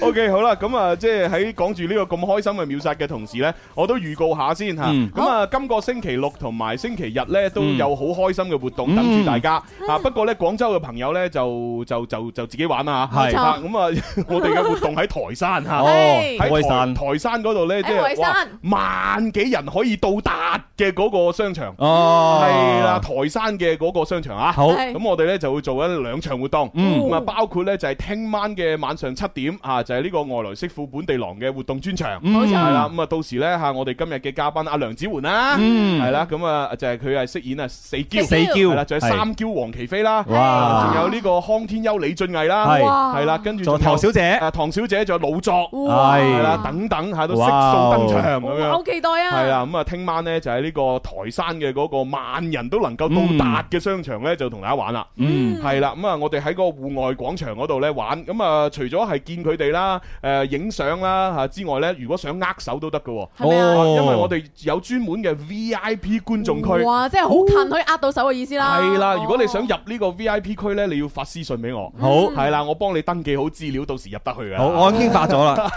O K 好啦，咁啊，即係喺講住呢個咁開心嘅秒殺嘅同時呢，我都預告下先吓。咁啊，今個星期六同埋星期日呢，都有好開心嘅活動等住大家。啊，不過呢，廣州嘅朋友呢，就就就就自己玩啦吓。係。咁啊，我哋嘅活動喺台山吓，喺台台山嗰度呢，即係哇，萬幾人可以到達嘅嗰個商場。哦，係啦，台山嘅嗰個商場啊。好。咁我哋呢，就會做緊兩場活動。嗯。啊，包括呢，就係聽晚嘅晚上七點。啊，就係呢個外來媳婦本地郎嘅活動專場，係啦，咁啊到時咧吓，我哋今日嘅嘉賓阿梁子媛啦，係啦，咁啊就係佢係飾演啊四嬌，四嬌係啦，仲有三嬌黃岐飛啦，哇，仲有呢個康天庥李俊毅啦，係啦，跟住仲有唐小姐，誒唐小姐仲有老作，係啦，等等吓都悉數登場咁樣，好期待啊！係啦，咁啊聽晚咧就喺呢個台山嘅嗰個萬人都能夠到達嘅商場咧，就同大家玩啦，係啦，咁啊我哋喺個戶外廣場嗰度咧玩，咁啊除咗係見。佢哋啦，誒，影相啦，吓之外呢，如果想握手都得嘅，係咪啊？因為我哋有專門嘅 V I P 觀眾區，哇，即係好近，可以握到手嘅意思啦。係啦，如果你想入呢個 V I P 區呢，你要發私信俾我，好係啦，我幫你登記好資料，到時入得去嘅。好，我已經發咗啦，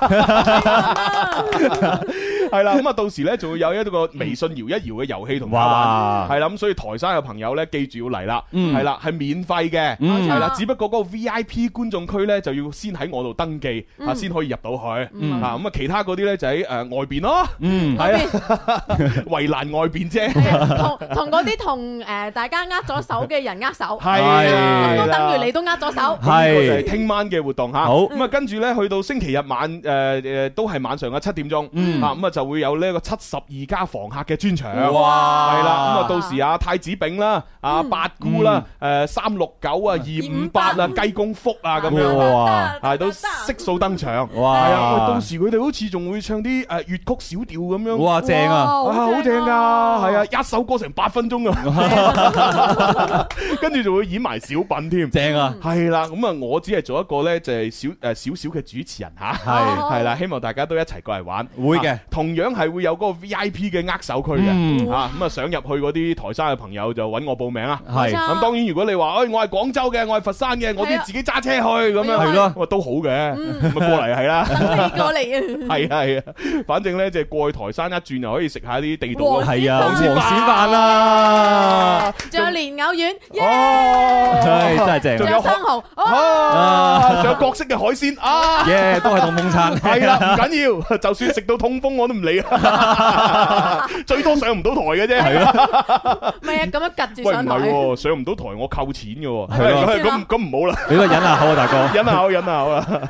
係啦。咁啊，到時呢，就會有一個微信搖一搖嘅遊戲同佢玩，係啦。咁所以台山嘅朋友呢，記住要嚟啦，係啦，係免費嘅，係啦。只不過嗰個 V I P 觀眾區呢，就要先喺我度登。登記啊，先可以入到去啊，咁啊，其他嗰啲咧就喺誒外邊咯，嗯，係啊，圍欄外邊啫，同同嗰啲同誒大家握咗手嘅人握手，係都等於你都握咗手，係聽晚嘅活動吓。好，咁啊，跟住咧去到星期日晚誒誒，都係晚上嘅七點鐘，啊，咁啊就會有呢一個七十二家房客嘅專場，係啦，咁啊到時啊太子炳啦，啊八姑啦，誒三六九啊，二五八啊，雞公福啊，咁樣哇，係都。色素登場，哇！係啊，到時佢哋好似仲會唱啲誒粵曲小調咁樣，哇！正啊，好正㗎，係啊！一首歌成八分鐘啊，跟住就會演埋小品添，正啊！係啦，咁啊，我只係做一個咧，就係小誒小小嘅主持人吓，係係啦，希望大家都一齊過嚟玩，會嘅，同樣係會有嗰個 VIP 嘅握手區嘅，啊咁啊，想入去嗰啲台山嘅朋友就揾我報名啊，係咁當然如果你話，哎，我係廣州嘅，我係佛山嘅，我都自己揸車去咁樣，係咯，都好嘅。咪過嚟係啦，過嚟啊，係啊係啊，反正咧就係過去台山一轉就可以食下啲地道，係啊，黃鱔飯啦，仲有蓮藕丸，哦，係真係正，仲有生蠔，哦，仲有各式嘅海鮮，啊，耶，都係痛風餐，係啦，唔緊要，就算食到痛風我都唔理啊，最多上唔到台嘅啫，係咯，唔係啊，咁樣夾住，喂唔係喎，上唔到台我扣錢嘅喎，係咯，咁咁唔好啦，你都忍下口啊大哥，忍下口，忍下口啦。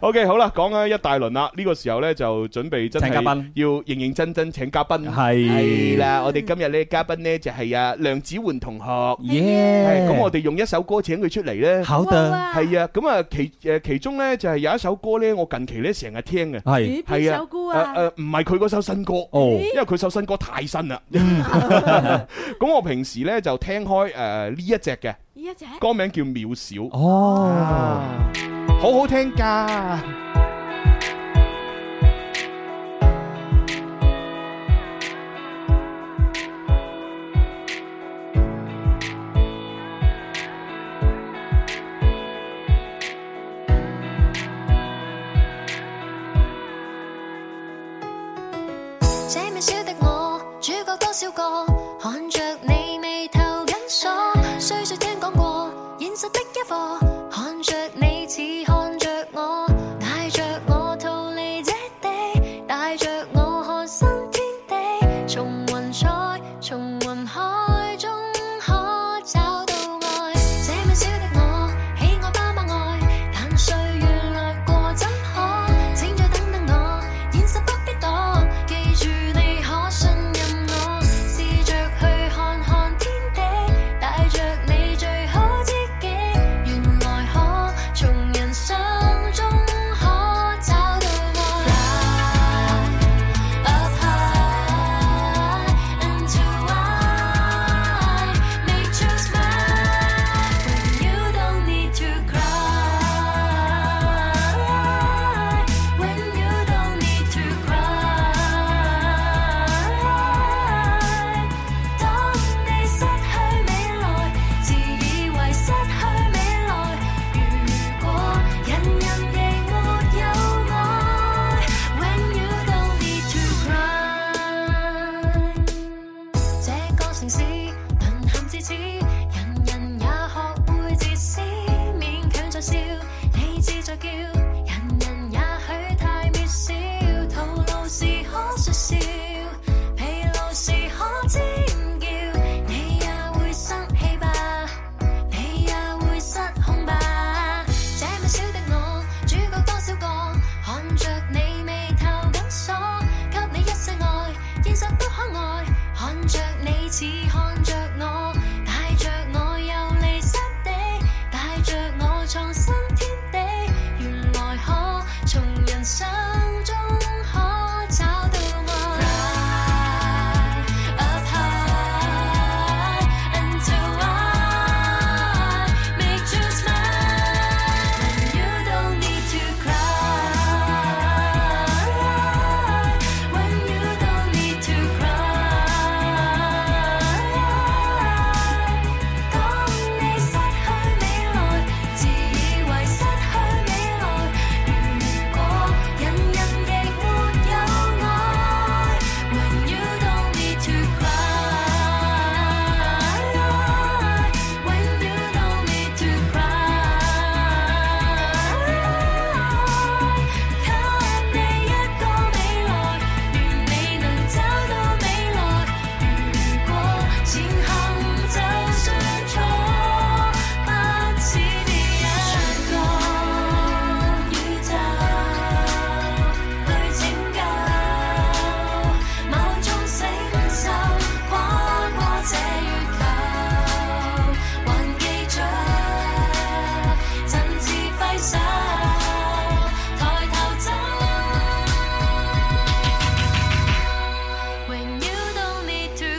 O K，好啦，講咗一大輪啦，呢個時候咧就準備真係要認認真真請嘉賓，係啦，我哋今日咧嘉賓咧就係啊梁子媛同學，耶，咁我哋用一首歌請佢出嚟咧，好的，係啊，咁啊其誒其中咧就係有一首歌咧，我近期咧成日聽嘅，係係啊，歌啊，誒唔係佢嗰首新歌哦，因為佢首新歌太新啦，咁我平時咧就聽開誒呢一隻嘅。歌名叫《渺小》，哦，好好聽㗎。這渺小的我，主角多少個？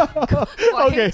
O K，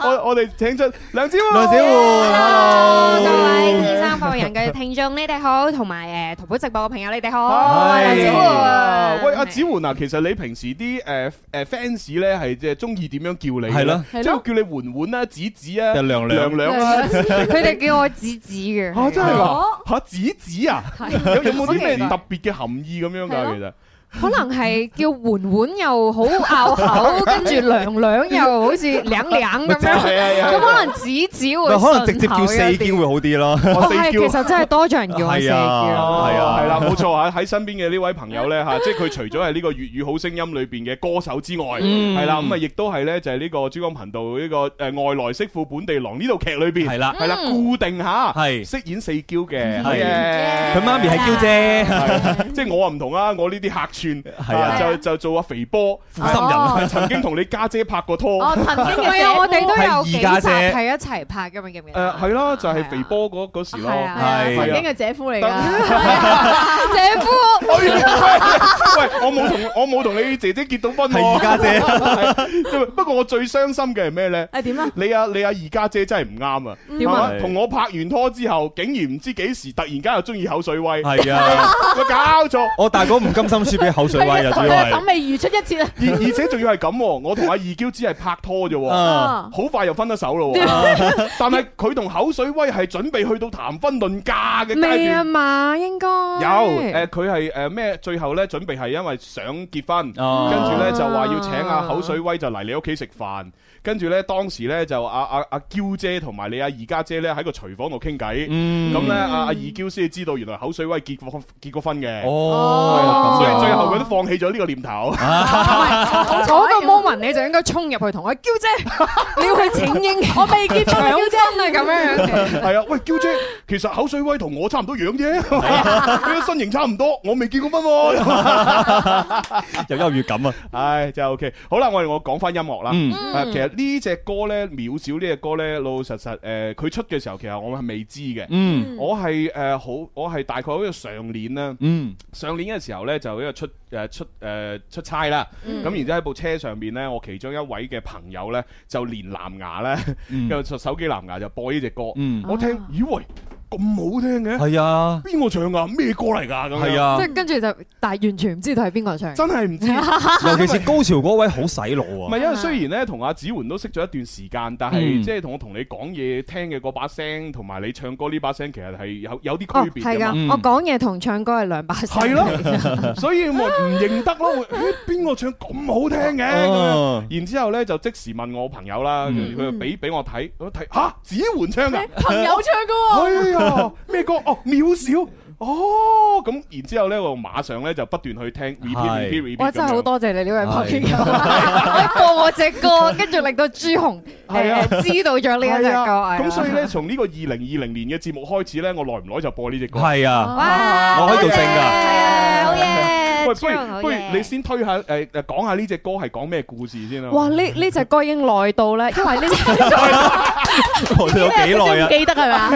我我哋請出梁子媛。Hello，各位二三三人嘅聽眾，你哋好，同埋誒，淘寶直播嘅朋友，你哋好。係梁子媛。喂，阿子媛嗱，其實你平時啲誒誒 fans 咧，係即係中意點樣叫你？係咯，係叫你媛媛啊，子子啊，梁娘娘啊。佢哋叫我子子嘅。吓真係嘛？吓子子啊？有有冇啲咩特別嘅含義咁樣噶？其實？可能係叫嬛嬛又好拗口，跟住娘娘又好似娘娘咁樣，咁可能子子會順，可能直接叫四嬌會好啲咯。係，其實真係多咗人叫四嬌。係啊，係啊，係啦，冇錯啊！喺身邊嘅呢位朋友咧嚇，即係佢除咗係呢個粵語好聲音裏邊嘅歌手之外，係啦，咁啊亦都係咧，就係呢個珠江頻道呢個誒外來媳婦本地郎呢套劇裏邊，係啦係啦，固定嚇係飾演四嬌嘅，係佢媽咪係嬌姐，即係我啊唔同啊，我呢啲客。係啊，就就做阿肥波負心人，曾經同你家姐拍過拖。哦，曾經嘅，我哋都有。係二家姐，係一齊拍嘅嘛，叫咩？係咯，就係肥波嗰嗰時咯。係曾經嘅姐夫嚟噶。姐夫，喂，我冇同我冇同你姐姐結到婚。係二家姐。不過我最傷心嘅係咩咧？係點啊？你啊，你阿二家姐真係唔啱啊！點啊？同我拍完拖之後，竟然唔知幾時突然間又中意口水威。係啊，我搞咗！我大哥唔甘心輸俾。口水威又點啊？準備預出一次啊！而而且仲要係咁，我同阿二嬌只係拍拖啫，好 快又分咗手咯，啊。但係佢同口水威係準備去到談婚論嫁嘅階段嘛？應該有誒，佢係誒咩？最後咧，準備係因為想結婚，跟住咧就話要請阿口水威就嚟你屋企食飯。跟住咧，當時咧就阿阿阿嬌姐同埋你阿二家姐咧喺個廚房度傾偈，咁咧阿阿二嬌先知道原來口水威結過結過婚嘅，所以最後佢都放棄咗呢個念頭。嗰個 moment 你就應該衝入去同阿嬌姐，你要佢整英，我未結過婚啊咁樣樣。係啊，喂，嬌姐，其實口水威同我差唔多樣啫，佢身形差唔多，我未結過婚喎，有優越感啊！唉，就 OK。好啦，我哋我講翻音樂啦，其實。呢隻歌呢，渺小呢隻歌呢，老老實實，誒、呃，佢出嘅時候，其實我係未知嘅。嗯，我係誒、呃、好，我係大概好似上年啦。嗯，上年嘅時候呢，就因為出誒出誒出差啦。咁、嗯、然之後喺部車上面呢，我其中一位嘅朋友呢，就連藍牙呢，就、嗯、 手機藍牙就播呢隻歌。嗯，我聽，啊、咦喂！咁好聽嘅？係啊，邊個唱噶？咩歌嚟噶？咁係啊，即係跟住就，但係完全唔知道係邊個唱。真係唔知，尤其是高潮嗰位好洗腦啊。唔係，因為雖然咧同阿子媛都識咗一段時間，但係即係同我同你講嘢聽嘅嗰把聲，同埋你唱歌呢把聲，其實係有有啲區別嘅。我講嘢同唱歌係兩把聲。係咯，所以咪唔認得咯。咦，邊個唱咁好聽嘅？然之後咧就即時問我朋友啦，佢就俾俾我睇，睇吓子媛唱嘅。朋友唱嘅。咩、哦、歌？哦，渺小哦，咁然之後咧，我馬上咧就不斷去聽 repeat, repeat, repeat, 我真係好多謝你、啊啊呃啊啊、呢位朋友，我可以播我隻歌，跟住令到朱紅誒知道咗呢一首歌。咁所以咧，從呢個二零二零年嘅節目開始咧，我耐唔耐就播呢隻歌。係啊，我可以做證㗎。係啊，好嘢。不如你先推下，誒誒，講下呢隻歌係講咩故事先啦？哇，呢呢隻歌已經耐到咧，因為呢啲因為幾耐啊？記得係咪啊？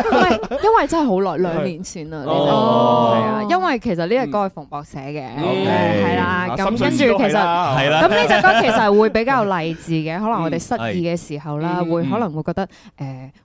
因為真係好耐，兩年前啦。哦，係啊，因為其實呢隻歌係馮博寫嘅，係啦。咁跟住其實係啦。咁呢隻歌其實會比較勵志嘅，可能我哋失意嘅時候咧，會可能會覺得誒，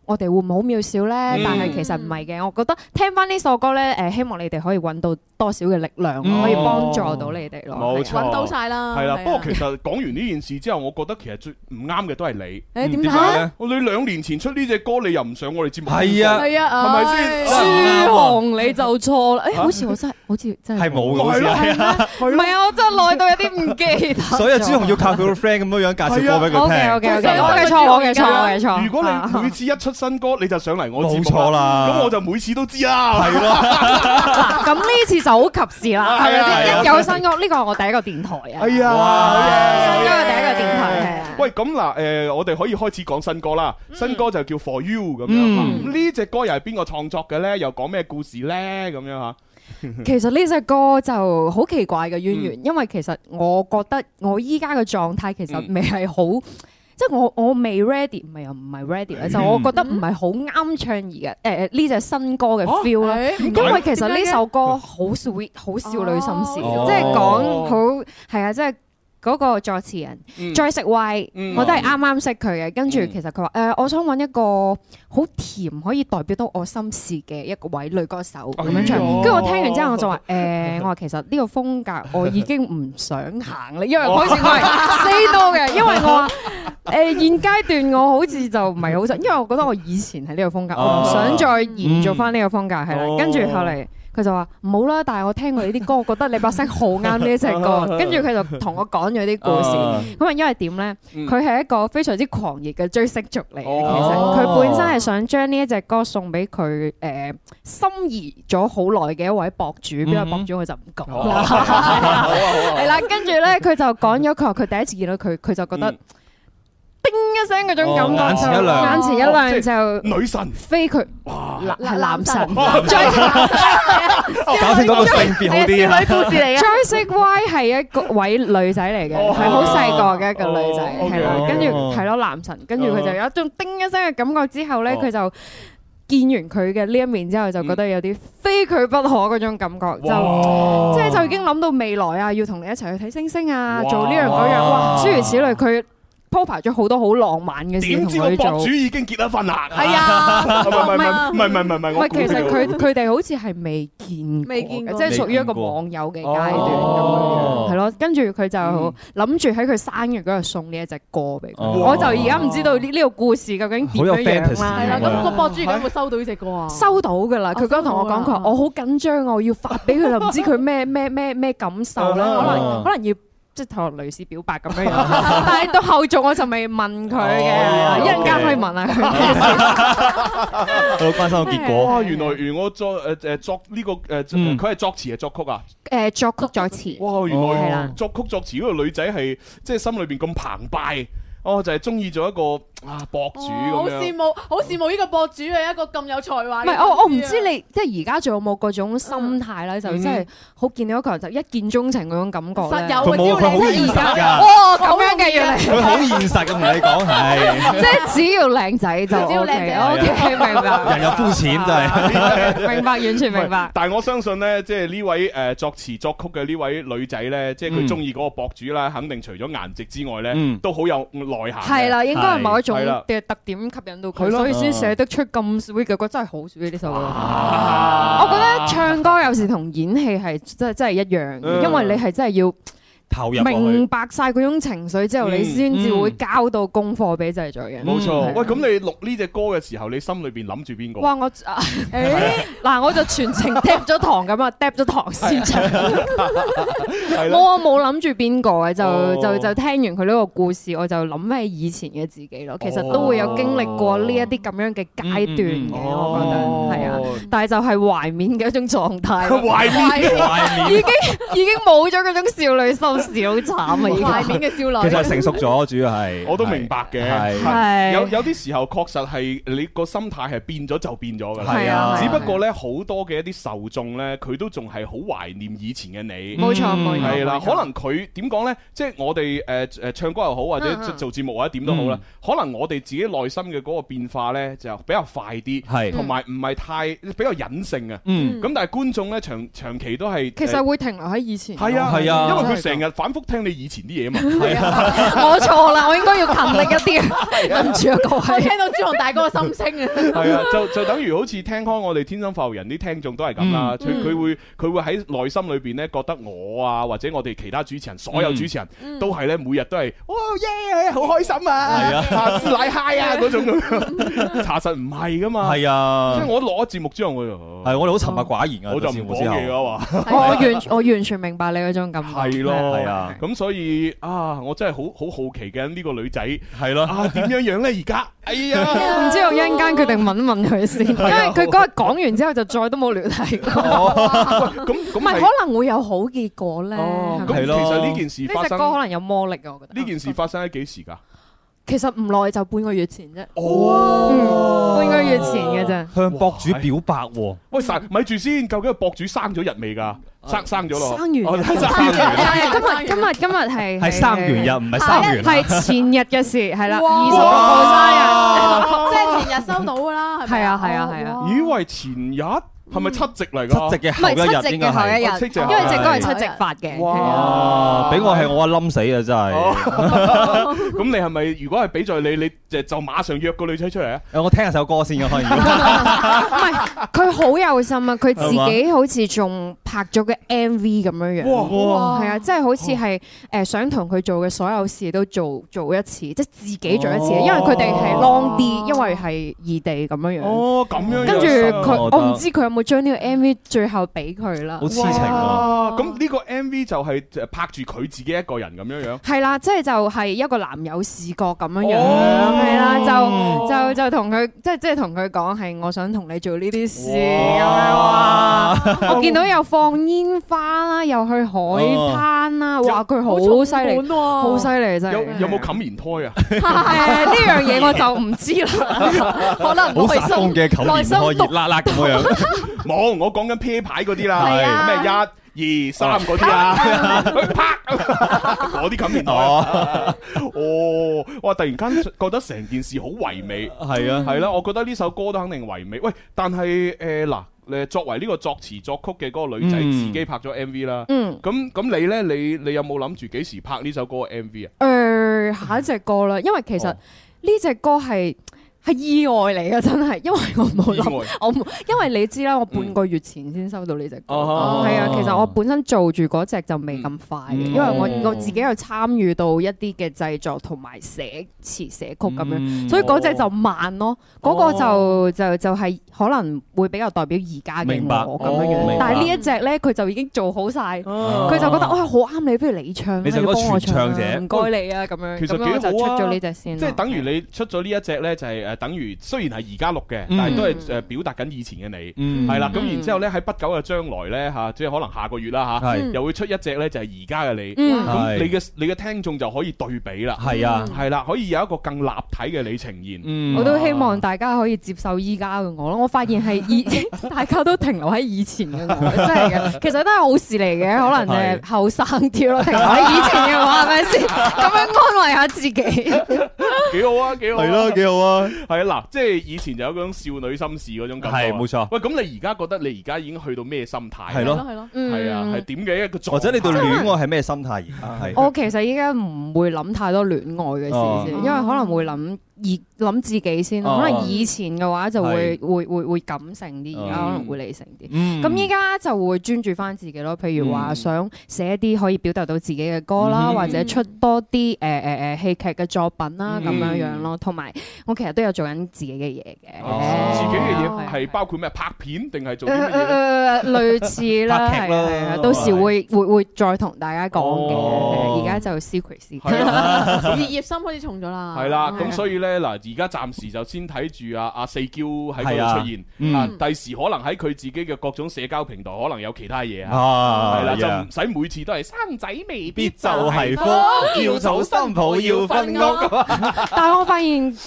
我哋會唔會好渺小咧？但係其實唔係嘅，我覺得聽翻呢首歌咧，誒，希望你哋可以搵到多少嘅力量，可以幫助。到你哋咯，揾到晒啦。係啦，不過其實講完呢件事之後，我覺得其實最唔啱嘅都係你。誒，點解咧？你兩年前出呢隻歌，你又唔想我哋節目？係啊，係啊，係咪先？朱紅你就錯啦。誒，好似我真係，好似真係。係冇咁。好係啊。唔係啊，我真係內到有啲唔記得。所以朱紅要靠佢個 friend 咁樣樣介紹歌俾佢聽。我嘅錯，我嘅錯，我嘅錯。如果你每次一出新歌，你就上嚟我節目。錯啦。咁我就每次都知啦。係咯。咁呢次就好及時啦。係啊。有。新歌呢個係我第一個電台啊！係啊，新歌嘅第一個電台係 yeah, 啊。喂，咁嗱，誒、呃，我哋可以開始講新歌啦。嗯、新歌就叫 For You 咁樣。呢隻歌又係邊個創作嘅咧？又講咩故事咧？咁樣吓。其實呢隻歌就好奇怪嘅淵源，嗯、因為其實我覺得我依家嘅狀態其實未係好。嗯即係我我未 ready，唔係又唔係 ready 咧， 就我覺得唔係好啱唱而嘅、呃哦，誒呢隻新歌嘅 feel 咯，因為其實呢首歌好 sweet，好 少女心事，哦、即係講好係啊，即係。嗰個作詞人再 o 說 e、嗯、我都係啱啱識佢嘅。跟住其實佢話：誒、嗯呃，我想揾一個好甜可以代表到我心事嘅一位女歌手咁樣唱。跟住、哎、呀我聽完之後我就話：誒，我話其實呢個風格我已經唔想行啦，因為好似前係飛多嘅，因為我話誒現階段我好似就唔係好想，因為我覺得我以前係呢個風格，我唔想再延續翻呢個風格係啦、哦嗯。跟住後嚟。佢就話唔好啦，但係我聽過呢啲歌，我覺得你把聲好啱呢隻歌。 跟住佢就同我講咗啲故事。咁啊，因為點咧？佢係一個非常之狂熱嘅追星族嚟嘅，哦、其實佢本身係想將呢一隻歌送俾佢誒心儀咗好耐嘅一位博主，邊個博主我就唔講啦。係啦，跟住咧，佢就講咗佢話佢第一次見到佢，佢就覺得。嗯叮一聲嗰種感覺，就眼前一亮，眼前一亮就女神，非佢哇係男神。講翻多個性別好啲啊，女故事嚟嘅。Joseph Y 係一位女仔嚟嘅，係好細個嘅一個女仔，係啦，跟住係咯男神，跟住佢就有種叮一聲嘅感覺之後咧，佢就見完佢嘅呢一面之後，就覺得有啲非佢不可嗰種感覺，就即係就已經諗到未來啊，要同你一齊去睇星星啊，做呢樣嗰樣，哇，諸如此類，佢。鋪排咗好多好浪漫嘅事，點知個博主已經結咗婚啦！係啊，唔係唔係唔係唔係，我其實佢佢哋好似係未見未見即係屬於一個網友嘅階段咁樣，係咯。跟住佢就諗住喺佢生日嗰日送呢一隻歌俾佢。我就而家唔知道呢呢個故事究竟點樣樣啦。係啦，咁個博主而家有冇收到呢隻歌啊？收到㗎啦！佢剛同我講佢話，我好緊張我要發俾佢啦，唔知佢咩咩咩咩感受咧？可能可能要。即係同女士表白咁樣樣， 但係到後續我就未問佢嘅，一陣間可以問下佢。好關心個結果啊！原來原我作誒誒、呃、作呢、呢個誒，佢、呃、係作詞係、呃作，呃作，呃作，呃、作曲啊？誒、呃、作曲作詞。哇！原來作曲作詞，呢個女仔係即係心裏邊咁澎湃哦，就係中意咗一個。啊，博主咁樣，好羨慕，好羨慕呢個博主啊！一個咁有才華，唔係我我唔知你即係而家仲有冇嗰種心態啦，就真係好見到一個人就一見鍾情嗰種感覺咧。同我冇咁好現實噶，哇咁樣嘅嘢，佢好現實嘅，我同你講係。即係只要靚仔就，只要靚仔，O K，明白。人又膚淺就係，明白，完全明白。但係我相信咧，即係呢位誒作詞作曲嘅呢位女仔咧，即係佢中意嗰個博主啦，肯定除咗顏值之外咧，都好有內涵。係啦，應該係某一種。係啦，嘅特點吸引到佢，了所以先寫得出咁 sweet 嘅歌，真係好 sweet 呢首歌，啊。我覺得唱歌有時同演戲係真係真係一樣，啊、因為你係真係要。明白晒嗰種情緒之後，你先至會交到功課俾製作人。冇錯，喂，咁你錄呢隻歌嘅時候，你心裏邊諗住邊個？哇，我誒嗱，我就全程嗒咗糖咁啊，嗒咗糖先。我冇諗住邊個嘅，就就就聽完佢呢個故事，我就諗起以前嘅自己咯。其實都會有經歷過呢一啲咁樣嘅階段嘅，我覺得係啊。但係就係懷緬嘅一種狀態。懷緬已經已經冇咗嗰種少女心。好慘啊！懷念嘅少女，其實成熟咗，主要係我都明白嘅。係有有啲時候確實係你個心態係變咗就變咗㗎啦。係啊，只不過咧好多嘅一啲受眾咧，佢都仲係好懷念以前嘅你。冇錯，係啦。可能佢點講咧？即係我哋誒誒唱歌又好，或者做節目或者點都好啦。可能我哋自己內心嘅嗰個變化咧，就比較快啲，係同埋唔係太比較隱性啊。嗯，咁但係觀眾咧長長期都係其實會停留喺以前。係啊係啊，因為佢成日。反覆聽你以前啲嘢啊嘛，我錯啦，我應該要勤力一啲。跟住一個係聽到朱紅大哥嘅心聲啊。係啊，就就等於好似聽開我哋天生發育人啲聽眾都係咁啦。佢佢會佢會喺內心裏邊咧覺得我啊，或者我哋其他主持人，所有主持人都係咧，每日都係哦耶，好開心啊，來 high 啊嗰種。查實唔係噶嘛，係啊。因為我攞咗節目之後，係我哋好沉默寡言嘅。我落咗節目之後，我完我完全明白你嗰種感覺。係咯。咁、嗯、所以啊，我真係好好好奇嘅、呢、呢個女仔係咯，的啊點樣樣咧而家？哎呀，唔、哎、呀知道我一陣間決定問一問佢先，哎、呀因為佢嗰日講完之後就再都冇聯繫過。咁咁係可能會有好結果咧？咁係咯，的其實呢件事呢隻歌可能有魔力啊！我覺得呢件事發生喺幾時噶？其實唔耐就半個月前啫，哦、嗯，半個月前嘅啫。向博主表白，喂晒，咪住先，究竟個博主生咗日未？噶生生咗咯？生完，今日今日今日係係生完日，唔係 生完日，係 前日嘅事，係啦，二十號生日，哇 即係前日收到噶啦，係係啊係啊係啊，以為、啊啊啊、哇前日。係咪七夕嚟？七夕嘅後一日應該，因為隻歌係七夕發嘅。哇！俾我係我一冧死啊！真係。咁你係咪？如果係俾在你，你就就馬上約個女仔出嚟啊！我聽下首歌先啊，可以。唔係，佢好有心啊！佢自己好似仲拍咗個 MV 咁樣樣。哇！係啊，即係好似係誒想同佢做嘅所有事都做做一次，即係自己做一次，因為佢哋係 long 啲，因為係異地咁樣樣。哦，咁樣。跟住佢，我唔知佢有冇。將呢個 MV 最後俾佢啦，好痴情啊！咁呢個 MV 就係拍住佢自己一個人咁樣樣，係啦，即係就係一個男友視角咁樣樣，係啦，就就就同佢即係即係同佢講係我想同你做呢啲事，我見到又放煙花啦，又去海灘啦，哇！佢好犀利，好犀利，有冇冚棉胎啊？誒，呢樣嘢我就唔知啦，可能冇細心。嘅冚棉胎，熱辣辣咁樣。冇，我講緊啤牌嗰啲啦，咩一二三嗰啲啦，拍嗰啲冚面袋。哦，哇！突然間覺得成件事好唯美，係啊，係啦。我覺得呢首歌都肯定唯美。喂，但係誒嗱，誒作為呢個作詞作曲嘅嗰個女仔自己拍咗 MV 啦。嗯，咁咁你咧，你你有冇諗住幾時拍呢首歌嘅 MV 啊？誒，下一隻歌啦，因為其實呢隻歌係。係意外嚟嘅，真係，因為我冇諗，我冇，因為你知啦，我半個月前先收到呢隻歌，係啊，其實我本身做住嗰隻就未咁快嘅，因為我我自己又參與到一啲嘅製作同埋寫詞寫曲咁樣，所以嗰隻就慢咯，嗰個就就就係可能會比較代表而家嘅我咁樣樣，但係呢一隻呢，佢就已經做好晒，佢就覺得哇，好啱你，不如你唱，你唱唔該你啊咁樣，咁樣就出咗呢隻先，即係等於你出咗呢一隻呢，就係等於雖然係而家錄嘅，但係都係誒表達緊以前嘅你，係啦。咁然之後咧，喺不久嘅將來咧，吓即係可能下個月啦吓，又會出一隻咧，就係而家嘅你。咁你嘅你嘅聽眾就可以對比啦。係啊，係啦，可以有一個更立體嘅你呈現。我都希望大家可以接受依家嘅我咯。我發現係以大家都停留喺以前嘅我，真係嘅。其實都係好事嚟嘅，可能誒後生啲咯，停留喺以前嘅我係咪先？咁樣安慰下自己，幾好啊，幾好係啦，幾好啊。係啦，即係以前就有嗰種少女心事嗰種感覺，係冇錯，錯喂，咁你而家覺得你而家已經去到咩心態？係咯係咯，係啊的，係點嘅一個狀態？或者你對戀愛係咩心態而家？啊、的我其實而家唔會諗太多戀愛嘅事，啊、因為可能會諗。而諗自己先咯，可能以前嘅話就會會會會感性啲，而家可能會理性啲。咁依家就會專注翻自己咯，譬如話想寫一啲可以表達到自己嘅歌啦，或者出多啲誒誒誒戲劇嘅作品啦咁樣樣咯。同埋我其實都有做緊自己嘅嘢嘅，自己嘅嘢係包括咩？拍片定係做啲咩？類似啦，到時會會會再同大家講嘅。而家就 secret 事，事業心開始重咗啦。係啦，咁所以咧。嗱，而家暫時就先睇住阿阿四嬌喺度出現，啊，第、嗯啊、時可能喺佢自己嘅各種社交平台，可能有其他嘢啊，係啦、啊啊啊，就唔使每次都係、啊、生仔，未必，必就係福，啊、叫做新抱， 要分屋，但係我發現。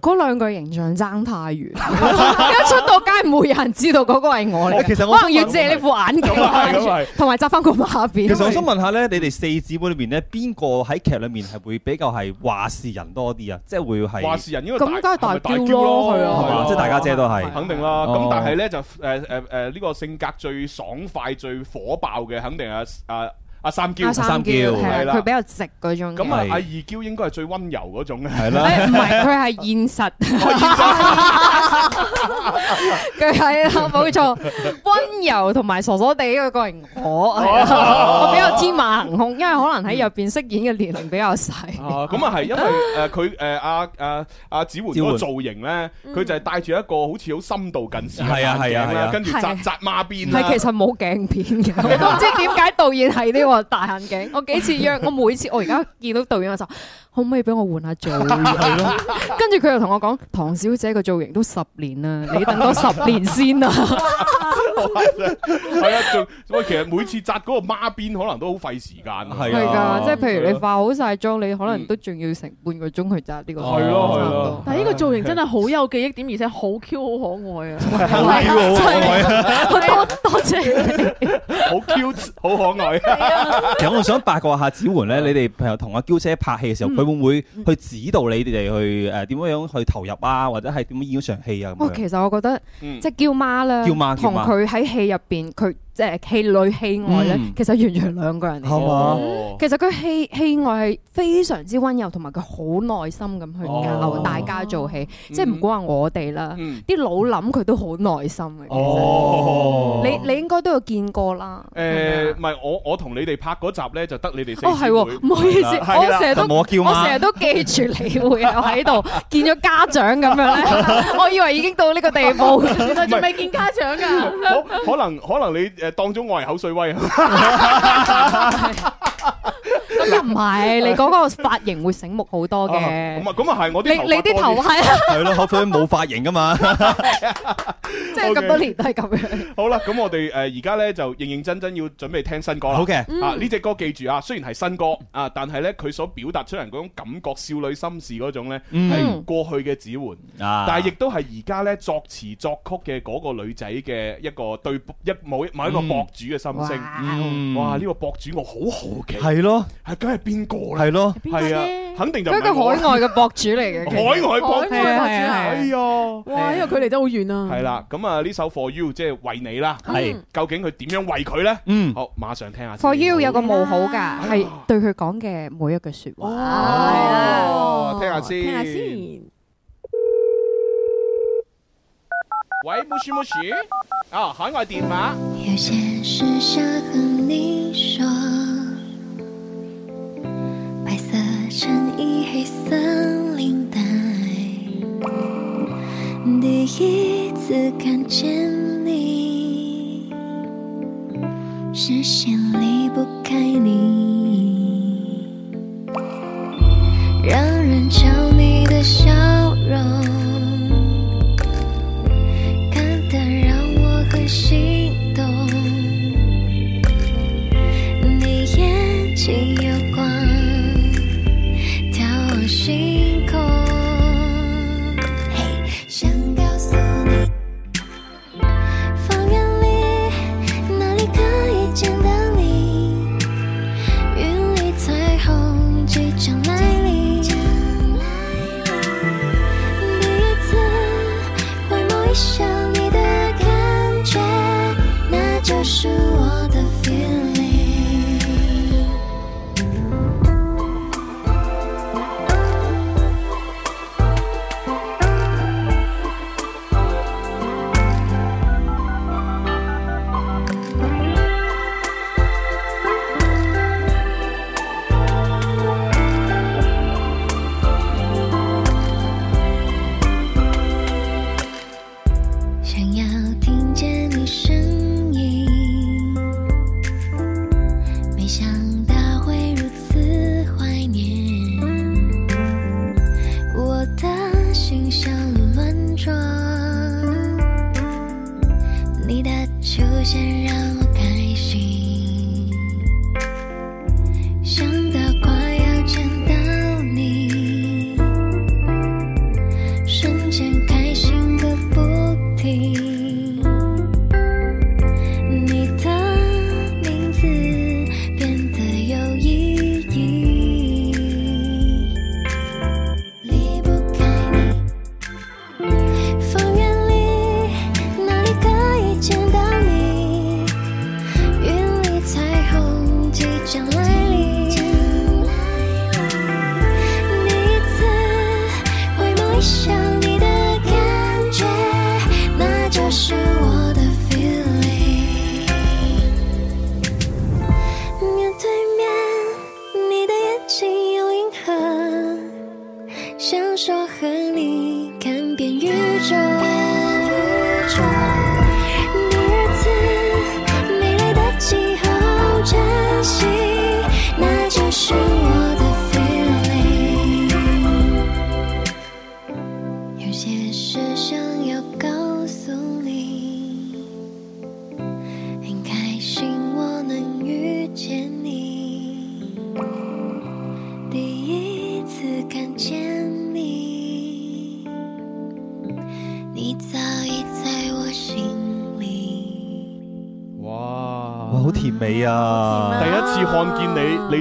嗰兩個形象爭太遠，一出到街唔會有人知道嗰個係我嚟。其實可能要借呢副眼鏡，同埋執翻個馬鞭。其實我想問下咧，你哋四姊妹裏面咧，邊個喺劇裏面係會比較係話事人多啲啊？即係會係話事人，應該大表咯，係啊，即係大家姐都係肯定啦。咁但係咧就誒誒誒呢個性格最爽快、最火爆嘅，肯定係啊。阿三嬌，三嬌，係啦，佢比較直嗰種。咁啊，阿二嬌應該係最温柔嗰種嘅，係啦。唔係，佢係現實。佢係啦，冇錯，温柔同埋傻傻地嘅角色我，我比較天馬行空，因為可能喺入邊飾演嘅年齡比較細。哦，咁啊係，因為誒佢誒阿阿阿子媛嗰個造型咧，佢就係戴住一個好似好深度近視眼嘅，跟住紮紮孖辮。係其實冇鏡片嘅，都唔知點解導演係呢個。個大眼鏡，我幾次約， 我每次我而家見到導演我就。可唔可以俾我換下造型咯？跟住佢又同我講：唐小姐嘅造型都十年啦，你等多十年先啊！係啊，喂，其實每次紮嗰個孖辮可能都好費時間啊。係啊，即係譬如你化好晒妝，你可能都仲要成半個鐘去紮呢個。係咯，但係呢個造型真係好有記憶點，而且好 Q，好可愛啊！多謝，好 Q，好可愛。其實我想八卦下子媛咧，你哋朋友同阿嬌姐拍戲嘅時候。佢會唔會去指導你哋去誒點樣樣去投入啊，或者係點樣演上戲啊？哦，其實我覺得、嗯、即係嬌媽啦，同佢喺戲入邊佢。誒戲裏戲外咧，其實完全兩個人嚟嘅。其實佢戲戲外係非常之温柔，同埋佢好耐心咁去教大家做戲。即係唔關我哋啦，啲老諗佢都好耐心嘅。你你應該都有見過啦。誒，唔係我我同你哋拍嗰集咧，就得你哋四對。唔好意思，我成日都我成日都記住你會有喺度見咗家長咁樣咧，我以為已經到呢個地步，仲未見家長㗎。可可能可能你誒？當咗我係口水威啊！咁又唔係，你嗰個髮型會醒目好多嘅。咁啊，咁啊係我啲。你你啲頭係啊，係咯，好冇髮型噶嘛。即係咁多年都係咁嘅。好啦，咁我哋誒而家咧就認認真真要準備聽新歌啦。好嘅 Okay.、啊，嗯、啊呢隻歌記住啊，雖然係新歌啊，但係咧佢所表達出嚟嗰種感覺，少女心事嗰種咧，係過去嘅指換啊，嗯、但係亦都係而家咧作詞作曲嘅嗰個女仔嘅一個對一某某一個博主嘅心聲、嗯嗯。哇，呢、這個博主我好好。係咯，係梗係邊個咧？係咯，邊個？肯定就一個海外嘅博主嚟嘅，海外博主係啊！哇，呢個距離都好遠啊！係啦，咁啊呢首 For You 即係為你啦，係究竟佢點樣為佢咧？嗯，好，馬上聽下。For You 有個冒號噶，係對佢講嘅每一句說話。哦，聽下先，聽下先。喂，Moshi Moshi，啊，海外電話。白色襯衣，黑色領帶。第一次看見你，視線離不開你，讓人着迷的笑容，看得讓我很心動。你眼睛有。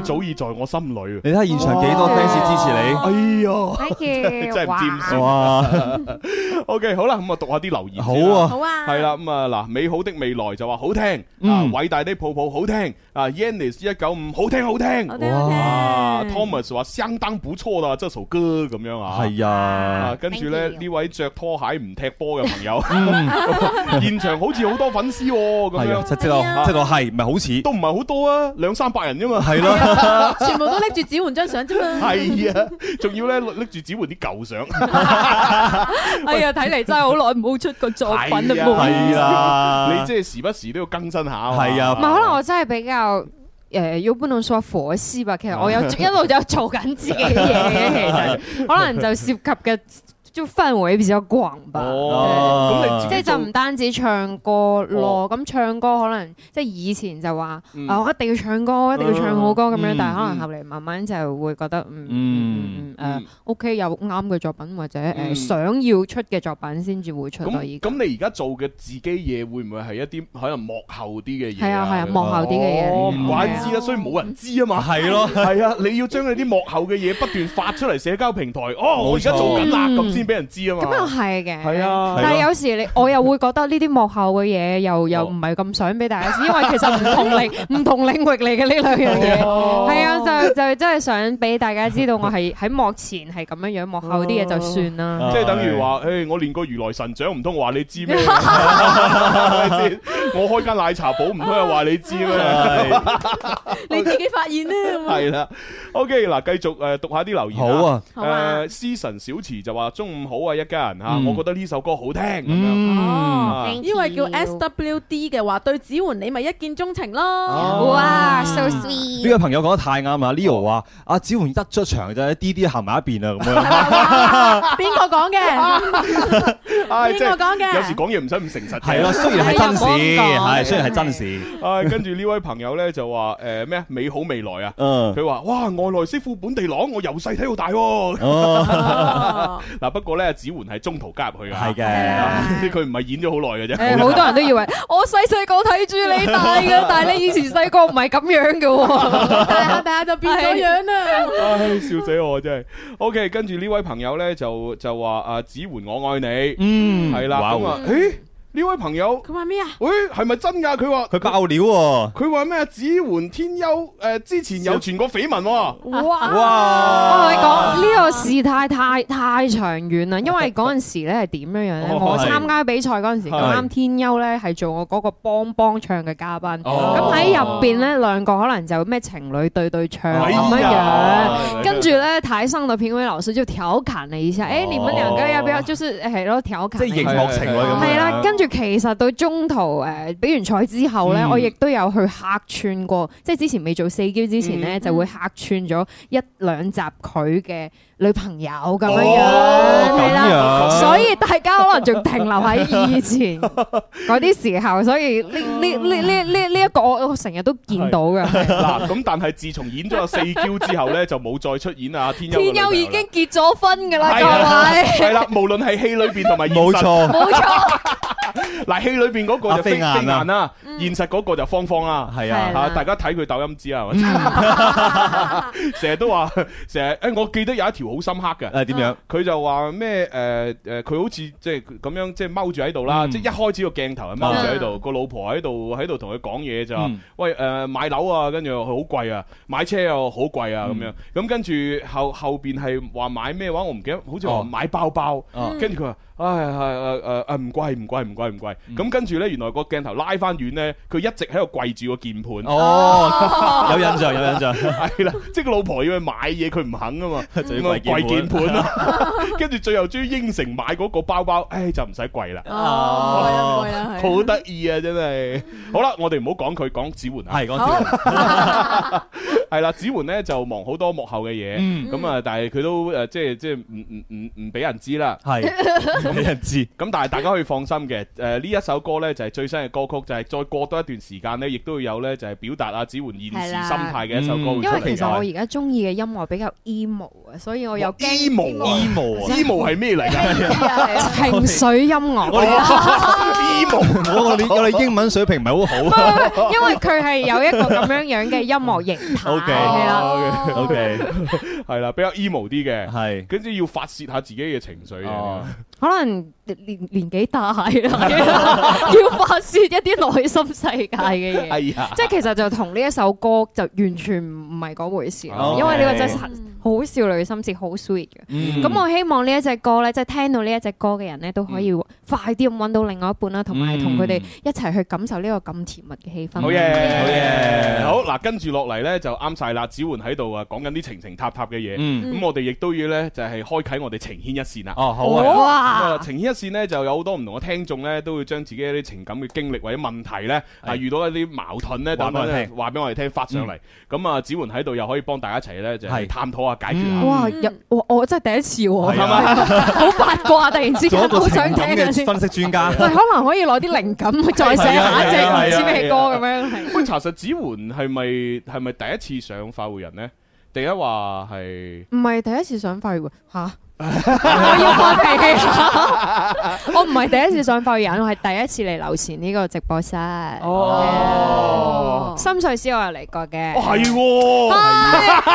早已在我心裏，你睇下現場幾多 fans 支持你，哎喲，真係唔占數啊！OK，好啦，咁啊讀下啲留言，好啊，好啊，係啦，咁啊嗱，美好的未來就話好聽，嗯，偉、啊、大的泡泡好聽，啊，Yannis 一九五好聽好聽，好 Thomas 話相當不錯啦，這首歌咁樣啊，係啊，跟住咧呢位着拖鞋唔踢波嘅朋友，現場好似好多粉絲咁樣，即係即係，係唔係好似都唔係好多啊，兩三百人啫嘛，係咯，全部都拎住指換張相啫嘛，係啊，仲要咧拎住指換啲舊相，哎呀，睇嚟真係好耐冇出個作品啦，係啊，你即係時不時都要更新下，係啊，唔係可能我真係比較。誒，要不能算火師吧？ 其實我有一路就做緊自己嘢嘅，其實可能就涉及嘅。 即係範圍比較廣吧，即係就唔單止唱歌咯。咁唱歌可能即係以前就話啊，我一定要唱歌，一定要唱好歌咁樣。但係可能後嚟慢慢就會覺得，嗯誒 OK 有啱嘅作品或者誒想要出嘅作品先至會出。咁，咁你而家做嘅自己嘢會唔會係一啲可能幕後啲嘅嘢？係啊係啊，幕後啲嘅嘢，我唔怪知啊，所以冇人知啊嘛。係咯，係啊，你要將你啲幕後嘅嘢不斷發出嚟社交平台。哦，我而家做緊啦先俾人知啊嘛，咁又係嘅，係啊。但係有時你我又會覺得呢啲幕後嘅嘢，又又唔係咁想俾大家知，因為其實唔同領唔同領域嚟嘅呢兩樣嘢，係啊，就就真係想俾大家知道我係喺幕前係咁樣樣，幕後啲嘢就算啦。即係等於話，誒，我練過如來神掌唔通，話你知咩？我開間奶茶鋪唔通又話你知咩？你自己發現啦。係啦，OK，嗱，繼續誒，讀下啲留言。好啊，誒，詩神小池就話中。唔好啊，一家人啊！我覺得呢首歌好聽。哦，因為叫 S W D 嘅話，對子媛你咪一見鍾情咯。哇，so sweet！呢位朋友講得太啱啦，Leo 話阿子媛得出場就一啲啲行埋一邊啦咁樣。邊個講嘅？邊個講嘅？有時講嘢唔使唔誠實。係咯，雖然係真事，係雖然係真事。唉，跟住呢位朋友咧就話誒咩美好未來啊，佢話哇外來媳婦本地郎，我由細睇到大喎。嗱不過咧，子媛係中途加入去噶，係嘅的，佢唔係演咗好耐嘅啫。誒，好多人都以為 我細細個睇住你大嘅， 但係你以前細個唔係咁樣嘅， 大下大下就變咗樣啦，啊。唉，笑死我真係。OK，跟住呢位朋友咧就就話啊，子媛我愛你。嗯，係啦了，誒 Wow.。呢位朋友佢話咩啊？喂，係咪真噶佢話佢爆料喎。佢話咩啊？子媛天優誒，之前有傳過緋聞。哇！我同你講呢個事態太太長遠啦，因為嗰陣時咧，係點樣樣咧？我參加比賽嗰陣時，咁啱天優咧係做我嗰個幫幫唱嘅嘉賓。咁喺入邊咧，兩個可能就咩情侶對對唱咁樣樣。跟住咧，台上的評委老師就調侃了一下：誒，你們兩個要不要就是係，咯，後調即係熒幕情侶咁係啦，跟。跟住其實到中途，誒比完賽之後咧，嗯、我亦都有去客串過，即係之前未做四嬌之前咧，嗯、就會客串咗一兩集佢嘅。女朋友咁樣樣，係啦，所以大家可能仲停留喺以前嗰啲時候，所以呢呢呢呢呢呢一個我成日都見到嘅。嗱，咁但係自從演咗有四嬌之後咧，就冇再出演啊。天佑天佑已經結咗婚嘅啦，各位，係啦，無論係戲裏邊同埋冇錯冇錯。嗱，戲裏邊嗰個就飛飛雁啊，現實嗰個就方方啊，係啊，嚇大家睇佢抖音知啊，成日都話，成日誒，我記得有一條。好深刻嘅，係點、啊呃、樣？佢就話、是、咩？誒誒、嗯，佢好似即係咁樣，即係踎住喺度啦。即係一開始個鏡頭係踎住喺度，個、啊、老婆喺度喺度同佢講嘢就話，就嗯、喂誒、呃，買樓啊，跟住佢好貴啊，買車又好貴啊，咁、嗯嗯、樣。咁、嗯、跟住後後邊係話買咩話？我唔記得，好似話買包包。啊啊嗯、跟住佢話。唉，係、哎，誒、哎，誒，誒，唔貴，唔貴，唔貴，唔貴。咁跟住咧，原來個鏡頭拉翻遠咧，佢一直喺度跪住個鍵盤。哦， 有印象，有印象。係啦， 即係個老婆要去買嘢，佢唔肯啊嘛，就應該係跪鍵盤。跟住 最後終於應承買嗰個包包，唉、哎，就唔使跪啦。哦，好得意啊，真係。好啦，我哋唔好講佢，講子媛啦。係，講子媛。係啦，子媛咧就忙好多幕後嘅嘢。嗯。咁啊、嗯，但係佢都誒，即係即係唔唔唔唔俾人知啦。係。 冇人知，咁但係大家可以放心嘅，誒呢一首歌咧就係最新嘅歌曲，就係再過多一段時間咧，亦都會有咧就係表達阿子媛現時心態嘅一首歌。因為其實我而家中意嘅音樂比較 emo 啊，所以我有 emo，emo，emo 係咩嚟噶？情緒音樂，emo，我我哋我哋英文水平唔係好好，因為佢係有一個咁樣樣嘅音樂形態啦。O K，O K，係啦，比較 emo 啲嘅，係跟住要發洩下自己嘅情緒嚟。可能。年年紀大咯，要發洩一啲內心世界嘅嘢，即係其實就同呢一首歌就完全唔唔係嗰回事，因為呢個真係好少女心事，好 sweet 嘅。咁我希望呢一隻歌咧，就聽到呢一隻歌嘅人咧，都可以快啲咁揾到另外一半啦，同埋同佢哋一齊去感受呢個咁甜蜜嘅氣氛。好嘅，好嘅。好嗱，跟住落嚟咧就啱晒啦。子媛喺度啊，講緊啲情情塔塔嘅嘢。咁我哋亦都要咧就係開啟我哋情牽一線啦。哦，好啊。線咧就有好多唔同嘅聽眾咧，都會將自己一啲情感嘅經歷或者問題咧，啊遇到一啲矛盾咧，話俾我哋聽，發上嚟。咁啊，子媛喺度又可以幫大家一齊咧，就係探討下解決下。哇！我真係第一次喎，係咪？好八卦突然之間，好想聽嘅分析專家。可能可以攞啲靈感再寫下一隻唔知咩歌咁樣。咁查實子媛係咪係咪第一次上快活人呢？第一話係唔係第一次上快活吓？我要開氣， 我唔係第一次上《拜仁》，我係第一次嚟樓前呢個直播室。哦，uh, 深水埗我又嚟過嘅，係，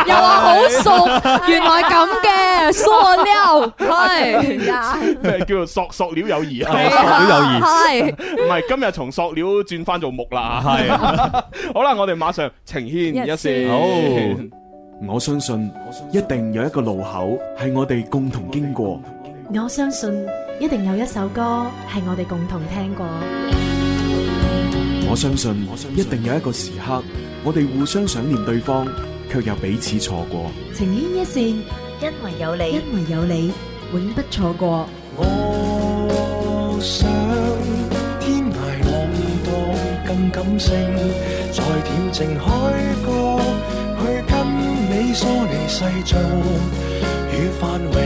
又話好熟，啊、原來咁嘅塑料係啊，叫做塑塑料友誼啊？塑、啊啊、料友誼係，唔係今日從塑料轉翻做木啦，係。 好啦，我哋馬上呈現一線。Yes. 好我相信一定有一個路口係我哋共同經過。我相信一定有一首歌係我哋共同聽過。我相信，我相信一定有一個時刻，我哋互相想念對方，卻又彼此錯過。情牽一線，因為有你，因為有你，永不錯過。我想天涯浪蕩更感性，在恬靜海角。疏離世俗與繁榮，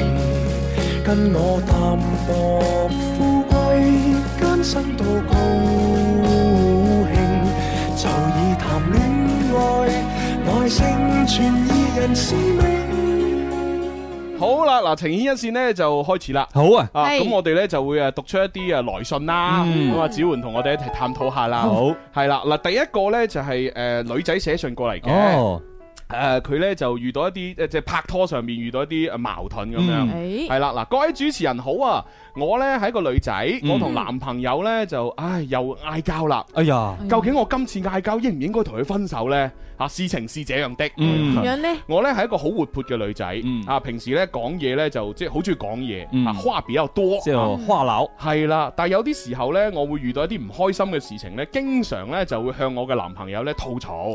跟我淡薄富貴，艱辛都高興。就以談戀愛，耐性存異人是命。好啦，嗱，情牽一線咧就開始啦。好啊，咁我哋咧就會誒讀出一啲誒來信啦。咁啊，子媛同我哋一齊探討下啦。好，係啦，嗱，第一個咧就係誒女仔寫信過嚟嘅。誒佢、呃、呢就遇到一啲誒即係拍拖上面遇到一啲矛盾咁樣，係、嗯、啦嗱，各位主持人好啊！我呢係一個女仔，嗯、我同男朋友呢就唉又嗌交啦！哎呀，究竟我今次嗌交應唔應該同佢分手呢？啊，事情是這樣的，點樣咧？我咧係一個好活潑嘅女仔，啊，平時咧講嘢咧就即係好中意講嘢，啊，話比較多，即係話，話癆，係啦。但係有啲時候咧，我會遇到一啲唔開心嘅事情咧，經常咧就會向我嘅男朋友咧吐槽，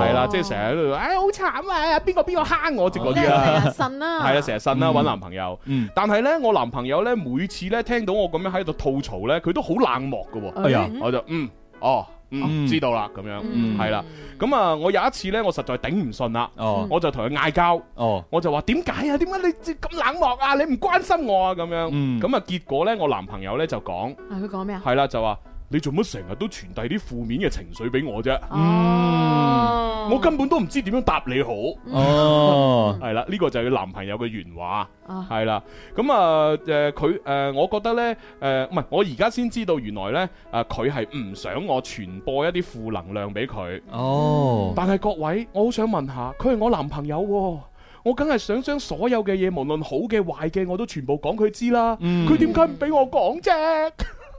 係啦，即係成日喺度，唉，好慘啊！邊個邊個蝦我？即係成日呻啦，係啊，成日呻啦，揾男朋友。但係咧，我男朋友咧每次咧聽到我咁樣喺度吐槽咧，佢都好冷漠嘅。哎呀，我就嗯，哦。嗯啊、知道啦，咁樣係啦，咁啊、嗯，我有一次呢，我實在頂唔順啦，哦、我就同佢嗌交，哦、我就話點解啊？點解你咁冷漠啊？你唔關心我啊？咁樣，咁啊、嗯，結果呢，我男朋友呢就講，佢講咩啊？係啦，就話。你做乜成日都傳遞啲負面嘅情緒俾我啫？嗯、啊，我根本都唔知點樣答你好、啊。哦， 係啦，呢個就係佢男朋友嘅原話。啊，係啦，咁、嗯、啊，誒、呃，佢、呃、誒、呃，我覺得呢，誒、呃，唔係，我而家先知道原來呢，啊、呃，佢係唔想我傳播一啲負能量俾佢。哦，嗯、但係各位，我好想問下，佢係我男朋友、哦，我梗係想將所有嘅嘢，無論好嘅壞嘅，我都全部講佢知啦。佢點解唔俾我講啫？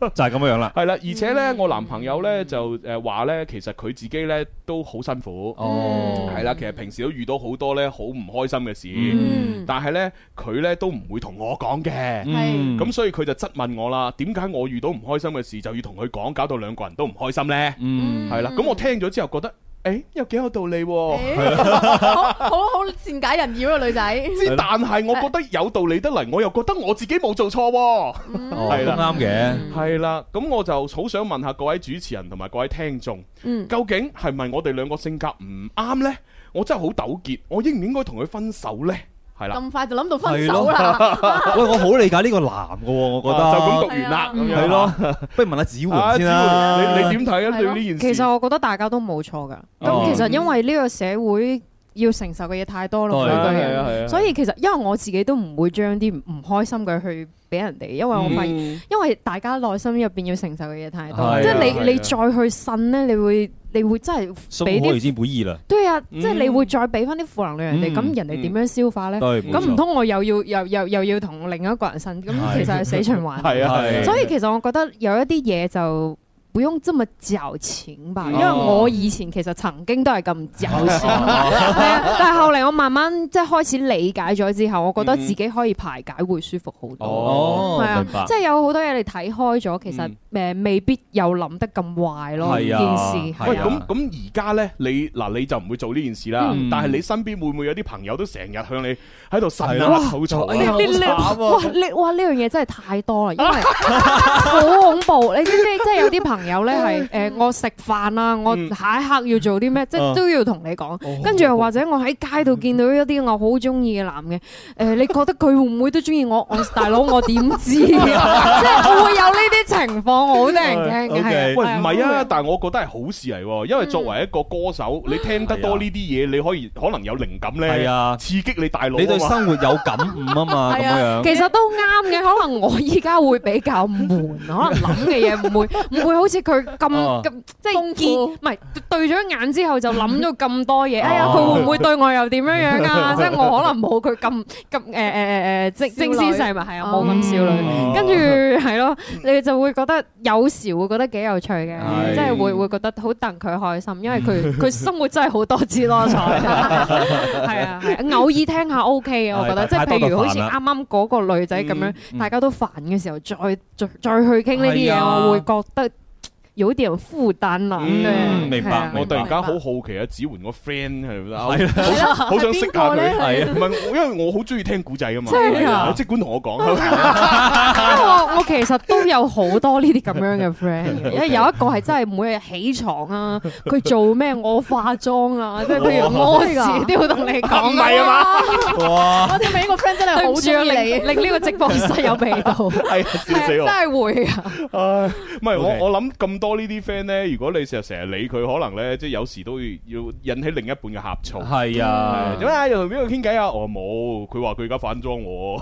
就係咁樣啦，係啦，而且呢，mm. 我男朋友呢、mm. 就誒話呢，其實佢自己呢都好辛苦，哦，係啦，其實平時都遇到好多呢好唔開心嘅事，嗯，mm. 但係呢，佢呢都唔會同我講嘅，係，咁所以佢就質問我啦，點解我遇到唔開心嘅事就要同佢講，搞到兩個人都唔開心呢？Mm. 嗯，係啦，咁我聽咗之後覺得。誒，又、欸、幾有道理，好好好善解人意啊，女仔。 但係我覺得有道理得嚟，我又覺得我自己冇做錯、啊，係啦，啱嘅，係啦。咁、哦、我就好想問下各位主持人同埋各位聽眾，嗯、究竟係咪我哋兩個性格唔啱呢？我真係好糾結，我應唔應該同佢分手呢？係啦，咁快就諗到分手啦！喂，我好理解呢個男嘅，我覺得就咁讀完啦，係咯，不如問下子媛先啦。你你點睇呀，對呢件事？其實我覺得大家都冇錯噶。咁其實因為呢個社會要承受嘅嘢太多咯，係啊係啊，所以其實因為我自己都唔會將啲唔開心嘅去俾人哋，因為我發現，因為大家內心入邊要承受嘅嘢太多，即係你你再去呻咧，你會。你會真係俾啲，而意啦，對啊，嗯、即係你會再俾翻啲負能量人哋，咁、嗯、人哋點樣消化咧？咁唔通我又要又又又要同另一個人呻，咁其實係死循環。係 啊係，啊啊所以其實我覺得有一啲嘢就。唔用咁麼糾纏吧，因為我以前其實曾經都係咁糾纏，但係後嚟我慢慢即係開始理解咗之後，我覺得自己可以排解會舒服好多，係啊，即係有好多嘢你睇開咗，其實誒未必有諗得咁壞咯，件事。喂，咁咁而家咧，你嗱你就唔會做呢件事啦，但係你身邊會唔會有啲朋友都成日向你喺度神屈口才，哇你哇呢樣嘢真係太多啦，因為好恐怖，你知唔知？即係有啲朋有咧係誒，我食飯啊，我下一刻要做啲咩，即係都要同你講。跟住又或者我喺街度見到一啲我好中意嘅男嘅，誒，你覺得佢會唔會都中意我？我大佬我點知？即係我會有呢啲情況，我好聽人傾偈。喂，唔係啊，但係我覺得係好事嚟，因為作為一個歌手，你聽得多呢啲嘢，你可以可能有靈感咧，係啊，刺激你大腦，你對生活有感悟啊嘛。係啊，其實都啱嘅，可能我依家會比較悶，可能諗嘅嘢唔會唔會好。好似佢咁咁即係見，唔係對咗眼之後就諗咗咁多嘢。哎呀，佢會唔會對我又點樣樣啊？即係我可能冇佢咁咁誒誒誒誒，精精緻嘛，係啊，冇咁少女。跟住係咯，你就會覺得有時會覺得幾有趣嘅，即係會會覺得好戥佢開心，因為佢佢生活真係好多姿多彩。係啊，偶爾聽下 OK 我覺得即係譬如好似啱啱嗰個女仔咁樣，大家都煩嘅時候，再再再去傾呢啲嘢，我會覺得。有啲負擔啦。嗯，明白。我突然間好好奇啊，子媛個 friend 係咪好想識下佢，係唔係？因為我好中意聽古仔噶嘛。真啊！即管同我講。我我其實都有好多呢啲咁樣嘅 friend，有一個係真係每日起床啊，佢做咩我化妝啊，即係譬如我屙屎都會同你講啊。係啊嘛。哇！我哋每個 friend 真係好中意你，令呢個直播室有味道。係啊，笑死我。真係會啊。唉，唔係我我諗咁多。多呢啲 friend 咧，如果你成日成日理佢，可能咧即係有時都要引起另一半嘅呷醋。係啊，點解又同邊個傾偈啊？我冇，佢話佢而家反咗我，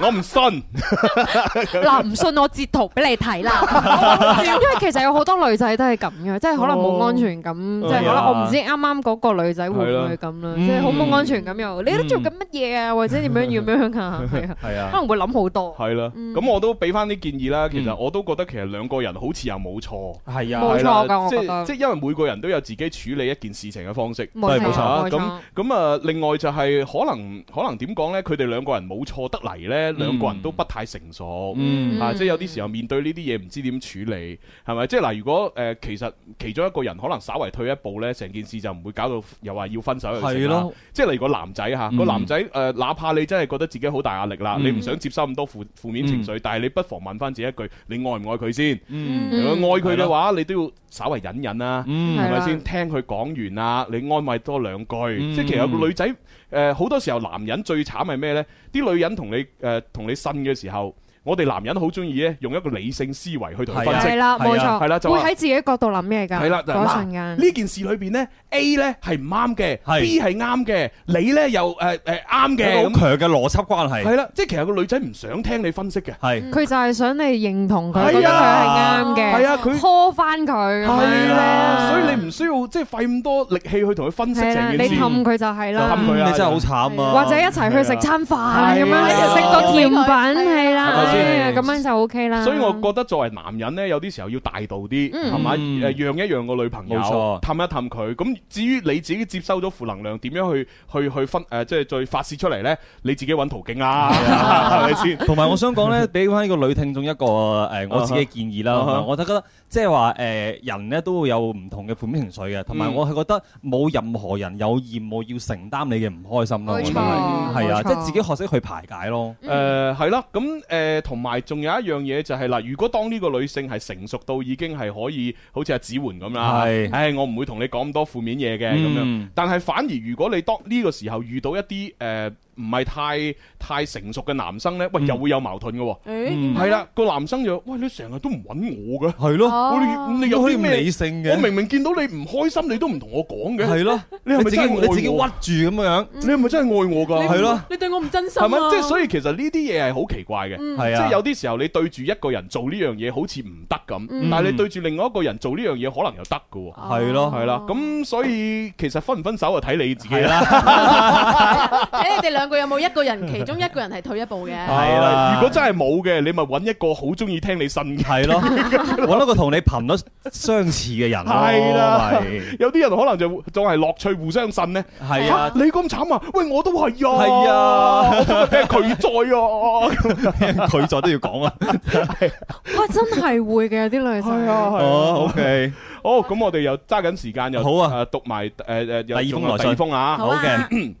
我唔信。嗱，唔信我截圖俾你睇啦。因為其實有好多女仔都係咁嘅，即係可能冇安全感。即係我唔知啱啱嗰個女仔會唔會咁啦，即係好冇安全感又。你都做緊乜嘢啊？或者點樣樣樣啊？係啊，可能會諗好多。係啦，咁我都俾翻啲建議啦。其實我都覺得其實兩個人好似有。冇錯，係啊，冇錯噶，即係即係，因為每個人都有自己處理一件事情嘅方式，冇錯。咁咁啊，另外就係可能，可能點講呢？佢哋兩個人冇錯得嚟呢，兩個人都不太成熟，啊，即係有啲時候面對呢啲嘢唔知點處理，係咪？即係嗱，如果誒，其實其中一個人可能稍微退一步呢，成件事就唔會搞到又話要分手嘅事啦。即係例如個男仔吓，個男仔誒，哪怕你真係覺得自己好大壓力啦，你唔想接收咁多負負面情緒，但係你不妨問翻自己一句：你愛唔愛佢先？嗯。愛佢嘅話，的你都要稍為忍忍啦、啊，係咪先？吧聽佢講完啊，你安慰多兩句，嗯、即係其實個女仔誒，好、嗯呃、多時候男人最慘係咩呢？啲女人同你誒同、呃、你呻嘅時候。我哋男人好中意咧，用一個理性思維去同佢分析，係啦，冇錯，係啦，會喺自己角度諗咩㗎？係啦，嗰陣間呢件事裏邊咧，A 咧係唔啱嘅，B 係啱嘅，你咧又誒誒啱嘅，好強嘅邏輯關係。係啦，即係其實個女仔唔想聽你分析嘅，係佢就係想你認同佢，覺得佢係啱嘅，係啊，佢拖翻佢，係啊，所以你唔需要即係費咁多力氣去同佢分析成件事，你氹佢就係啦，氹佢，你真係好慘啊！或者一齊去食餐飯咁樣，食個甜品係啦。咁 Yeah, 樣就 OK 啦。所以我覺得作為男人呢，有啲時候要大度啲，係咪、嗯？誒，讓一讓個女朋友，氹錯一氹佢。咁至於你自己接收咗負能量，點樣去去去分誒？即係再發泄出嚟呢？你自己揾途徑啦、啊，係咪先？同埋我想講呢，俾翻呢個女聽眾一個誒、哎，我自己嘅建議啦，我就覺得。即係話誒，人咧都會有唔同嘅負面情緒嘅，同埋我係覺得冇任何人有義務要承擔你嘅唔開心咯。冇、嗯、錯，係啊，即係錯自己學識去排解咯、嗯。誒係、呃、啦，咁誒同埋仲有一樣嘢就係、是、嗱，如果當呢個女性係成熟到已經係可以好似阿指換阿子媛咁啦，係是，唉、哎，我唔會同你講咁多負面嘢嘅咁樣，但係反而如果你當呢個時候遇到一啲誒。呃唔係太太成熟嘅男生咧，喂，又會有矛盾嘅，係啦。個男生就，喂，你成日都唔揾我嘅，係咯。你有啲理性嘅，我明明見到你唔開心，你都唔同我講嘅，係咯。你係咪自己愛自己屈住咁樣？你係咪真係愛我㗎？係咯，你對我唔真心係咪？即係所以其實呢啲嘢係好奇怪嘅，係啊。即係有啲時候你對住一個人做呢樣嘢好似唔得咁，但係你對住另外一個人做呢樣嘢可能又得㗎喎，係咯，係啦。咁所以其實分唔分手就睇你自己啦，睇你哋兩。有冇一個人？其中一個人係退一步嘅。係啦，如果真係冇嘅，你咪揾一個好中意聽你信契咯，揾一個同你頻率相似嘅人咯。係啦，有啲人可能就仲係樂趣互相信呢。係啊，你咁慘啊？喂，我都係呀。係啊，佢在啊，佢在都要講啊。哇，真係會嘅，有啲女仔。哦，OK，好，咁我哋又揸緊時間又好啊，讀埋誒誒第二封來信啊，好嘅，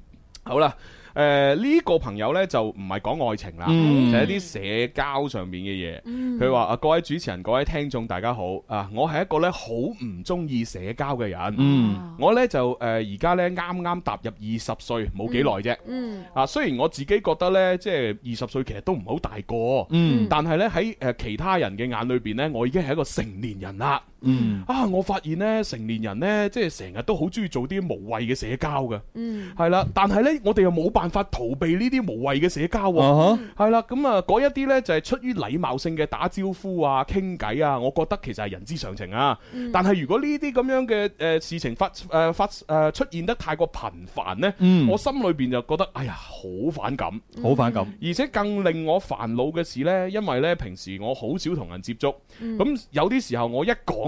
好啦。誒呢、呃呢個朋友呢，就唔係講愛情啦，嗯、就係啲社交上面嘅嘢。佢話、嗯：啊各位主持人、各位聽眾，大家好！啊，我係一個呢好唔中意社交嘅人。嗯、我呢，就誒而家呢啱啱踏入二十歲冇幾耐啫。嗯嗯、啊，雖然我自己覺得呢，即係二十歲其實都唔好大個，嗯嗯、但係呢，喺誒其他人嘅眼裏邊呢，我已經係一個成年人啦。嗯，mm. 啊，我發現咧成年人咧，即係成日都好中意做啲無謂嘅社交嘅，嗯，係啦，但係咧我哋又冇辦法逃避呢啲無謂嘅社交喎，係啦，咁啊，嗰、uh huh. 嗯、一啲咧就係、是、出於禮貌性嘅打招呼啊、傾偈啊，我覺得其實係人之常情啊。Mm. 但係如果呢啲咁樣嘅誒、呃、事情發誒、呃、發誒、呃、出現得太過頻繁咧，嗯，mm. 我心裏邊就覺得哎呀好反感，好反感。而且更令我煩惱嘅事咧，因為咧平時我好少同人接觸，咁有啲時候我一講。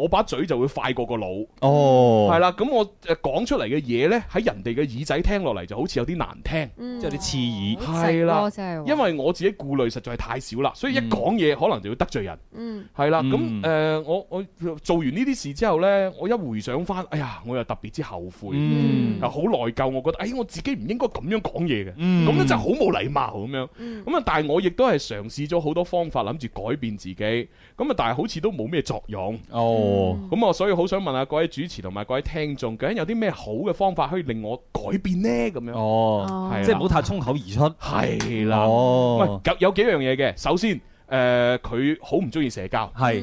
我把嘴就會快過個腦，係啦，咁我講出嚟嘅嘢呢，喺人哋嘅耳仔聽落嚟就好似有啲難聽，即係啲刺耳，係啦，因為我自己顧慮實在太少啦，所以一講嘢可能就要得罪人，係啦，咁誒，我我做完呢啲事之後呢，我一回想翻，哎呀，我又特別之後悔，又好內疚，我覺得，哎，我自己唔應該咁樣講嘢嘅，咁樣就好冇禮貌咁樣，咁啊，但係我亦都係嘗試咗好多方法諗住改變自己，咁啊，但係好似都冇咩作用。哦，咁我所以好想問下，各位主持同埋各位聽眾，究竟有啲咩好嘅方法可以令我改變呢？咁樣哦，即係唔好太衝口而出。係啦，喂，有有幾樣嘢嘅。首先，誒，佢好唔中意社交，係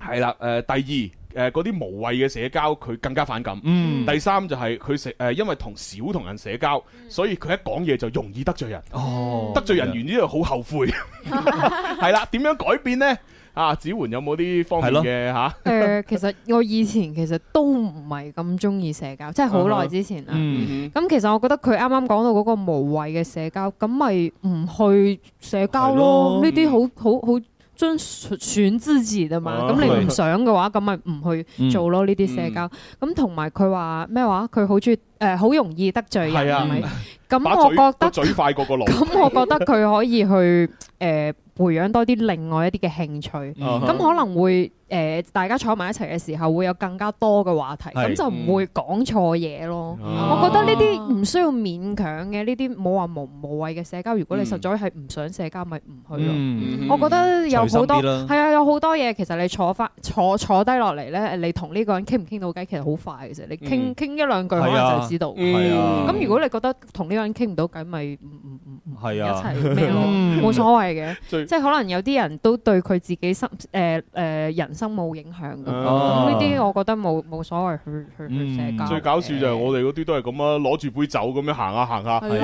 係啦。誒，第二，誒，嗰啲無謂嘅社交，佢更加反感。嗯，第三就係佢食，誒，因為同少同人社交，所以佢一講嘢就容易得罪人。哦，得罪人完之後好後悔。係啦，點樣改變呢？阿子媛有冇啲方面嘅嚇？誒，其實我以前其實都唔係咁中意社交，即係好耐之前啦。咁其實我覺得佢啱啱講到嗰個無謂嘅社交，咁咪唔去社交咯。呢啲好好好，遵選之前啊嘛。咁你唔想嘅話，咁咪唔去做咯。呢啲社交，咁同埋佢話咩話？佢好中意誒，好容易得罪人係咪？咁我覺得嘴快過個，咁我覺得佢可以去誒。培養多啲另外一啲嘅興趣，咁、uh huh. 可能會。誒，大家坐埋一齊嘅時候，會有更加多嘅話題，咁就唔會講錯嘢咯。我覺得呢啲唔需要勉強嘅，呢啲冇話無無謂嘅社交。如果你實在係唔想社交，咪唔去咯。我覺得有好多係啊，有好多嘢其實你坐翻坐坐低落嚟咧，你同呢個人傾唔傾到偈，其實好快嘅啫。你傾傾一兩句可能就知道。咁如果你覺得同呢個人傾唔到偈，咪唔係啊，一齊咩咯，冇所謂嘅。即係可能有啲人都對佢自己心誒誒人生冇影響噶，呢啲我覺得冇冇所謂去去去社交。最搞笑就係我哋嗰啲都係咁樣，攞住杯酒咁樣行下行下。喂，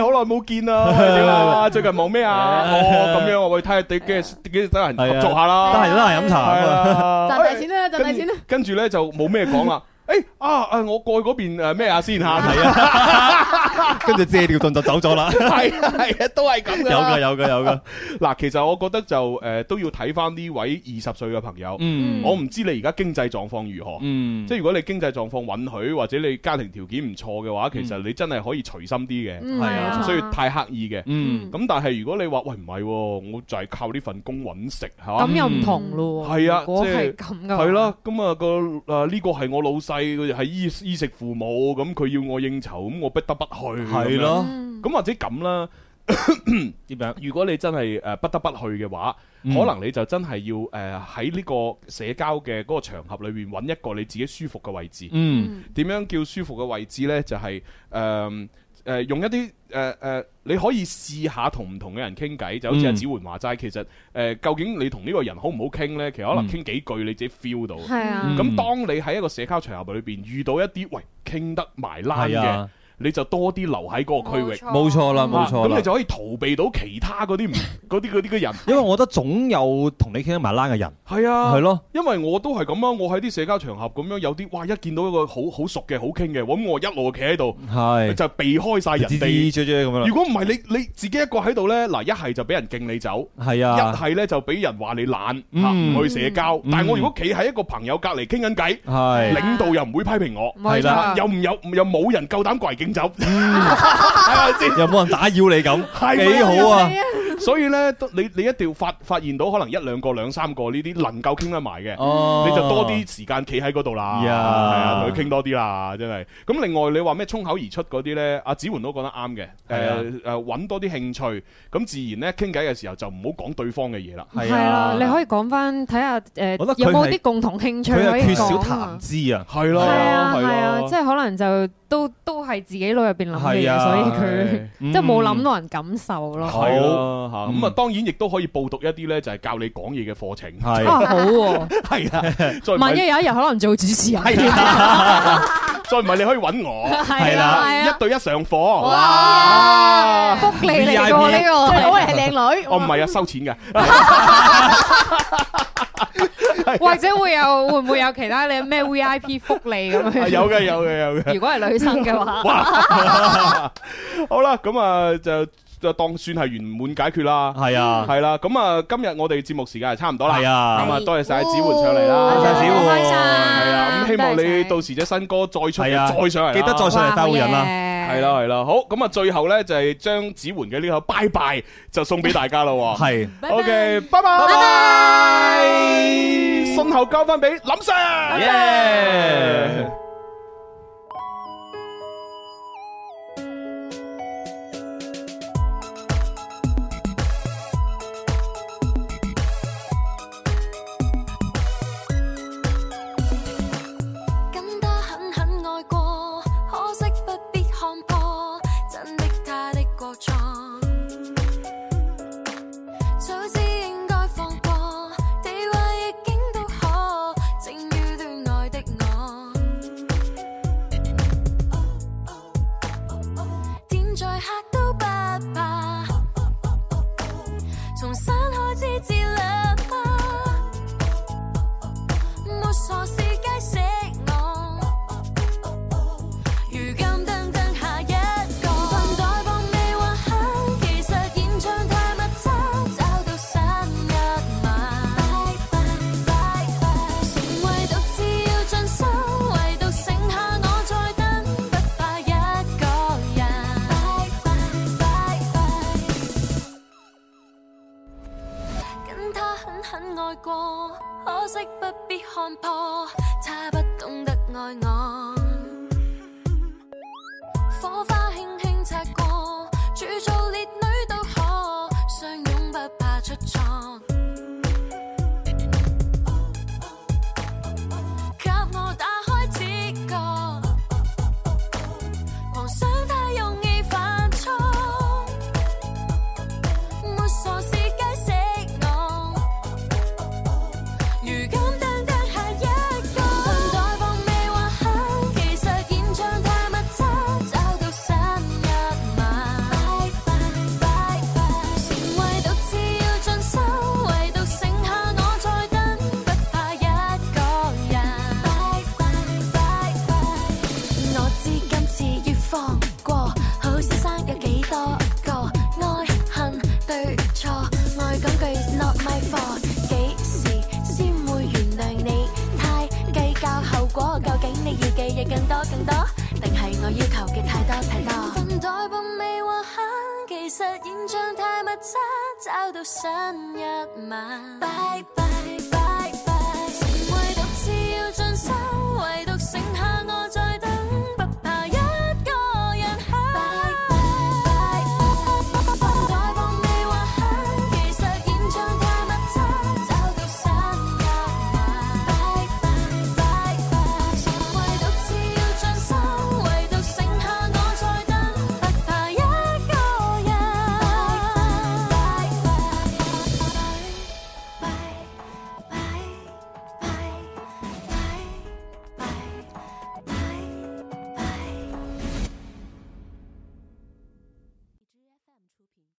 好耐冇見啦，最近忙咩啊？哦，咁樣，我去睇下啲幾幾多人合作下啦。得閒得閒飲茶，賺大錢啦，賺大錢啦。跟住咧就冇咩講啦。誒啊啊！我過去嗰邊誒咩啊先吓，睇啊，跟住借條盾就走咗啦。係啊係啊，都係咁。有噶有噶有噶。嗱，其實我覺得就誒都要睇翻呢位二十歲嘅朋友。嗯，我唔知你而家經濟狀況如何。即係如果你經濟狀況允許，或者你家庭條件唔錯嘅話，其實你真係可以隨心啲嘅。嗯，係啊，所以太刻意嘅。嗯，咁但係如果你話喂，唔係，我就係靠呢份工搵食吓。咁又唔同咯。係啊，即係咁噶。係啦，咁啊個誒呢個係我老細。係佢哋係衣衣食父母，咁佢要我應酬，咁我不得不去。係咯，咁或者咁啦，點樣？如果你真係誒不得不去嘅話，嗯、可能你就真係要誒喺呢個社交嘅嗰個場合裏面揾一個你自己舒服嘅位置。嗯，點樣叫舒服嘅位置呢？就係、是、誒。呃誒、呃、用一啲誒誒，你可以試下同唔同嘅人傾偈，就好似阿子媛話齋，嗯、其實誒、呃、究竟你同呢個人好唔好傾呢？其實可能傾幾句你自己 feel 到。咁、嗯嗯、當你喺一個社交場合裏邊遇到一啲喂傾得埋拉嘅，你就多啲留喺嗰個區域，冇錯啦，冇錯。咁你就可以逃避到其他嗰啲唔啲嗰啲嘅人，因為我覺得總有同你傾得埋欄嘅人，係啊，係咯。因為我都係咁樣，我喺啲社交場合咁樣有啲哇，一見到一個好好熟嘅好傾嘅，咁我一路企喺度，係，就避開晒人哋啫啫咁樣。如果唔係你你自己一個喺度咧，嗱一係就俾人敬你走，係啊，一係咧就俾人話你懶嚇唔去社交。但係我如果企喺一個朋友隔離傾緊偈，係領導又唔會批評我，係啦，又唔有又冇人夠膽怪。睇下，有冇人打擾你咁幾好啊！所以咧，你你一定要發發現到可能一兩個、兩三個呢啲能夠傾得埋嘅，哦、你就多啲時間企喺嗰度啦，係啊 Yeah，同佢傾多啲啦，真係。咁另外你話咩衝口而出嗰啲咧？阿、啊、子媛都講得啱嘅，誒誒揾多啲興趣，咁自然咧傾偈嘅時候就唔好講對方嘅嘢啦。係啊，你可以講翻睇下誒有冇啲共同興趣可以講。佢係缺少談資啊，係咯，係啊，係啊，即係可能就都都係自己腦入邊諗嘅嘢，所以佢即係冇諗到人感受咯。係的。咁啊，當然亦都可以報讀一啲咧，就係教你講嘢嘅課程。係，好喎。係啊，萬一有一日可能做主持人，係。再唔係你可以揾我，係啦，一對一上課。哇，福利嚟㗎喎，呢個，我係靚女。我唔係啊，收錢㗎。或者會有會唔會有其他你咩 VIP 福利咁樣？有嘅，有嘅，有嘅。如果係女生嘅話，哇，好啦，咁啊就。就當算係圓滿解決啦，係啊，係啦，咁啊，今日我哋節目時間係差唔多啦，係啊，咁啊，多謝晒子媛上嚟啦，開心，係啊，咁希望你到時隻新歌再出，再上嚟，記得再上嚟兜人啦，係啦係啦，好，咁啊，最後咧就係將子媛嘅呢個拜拜就送俾大家咯，係，OK，拜拜，拜拜，信後交翻俾林 Sir，耶。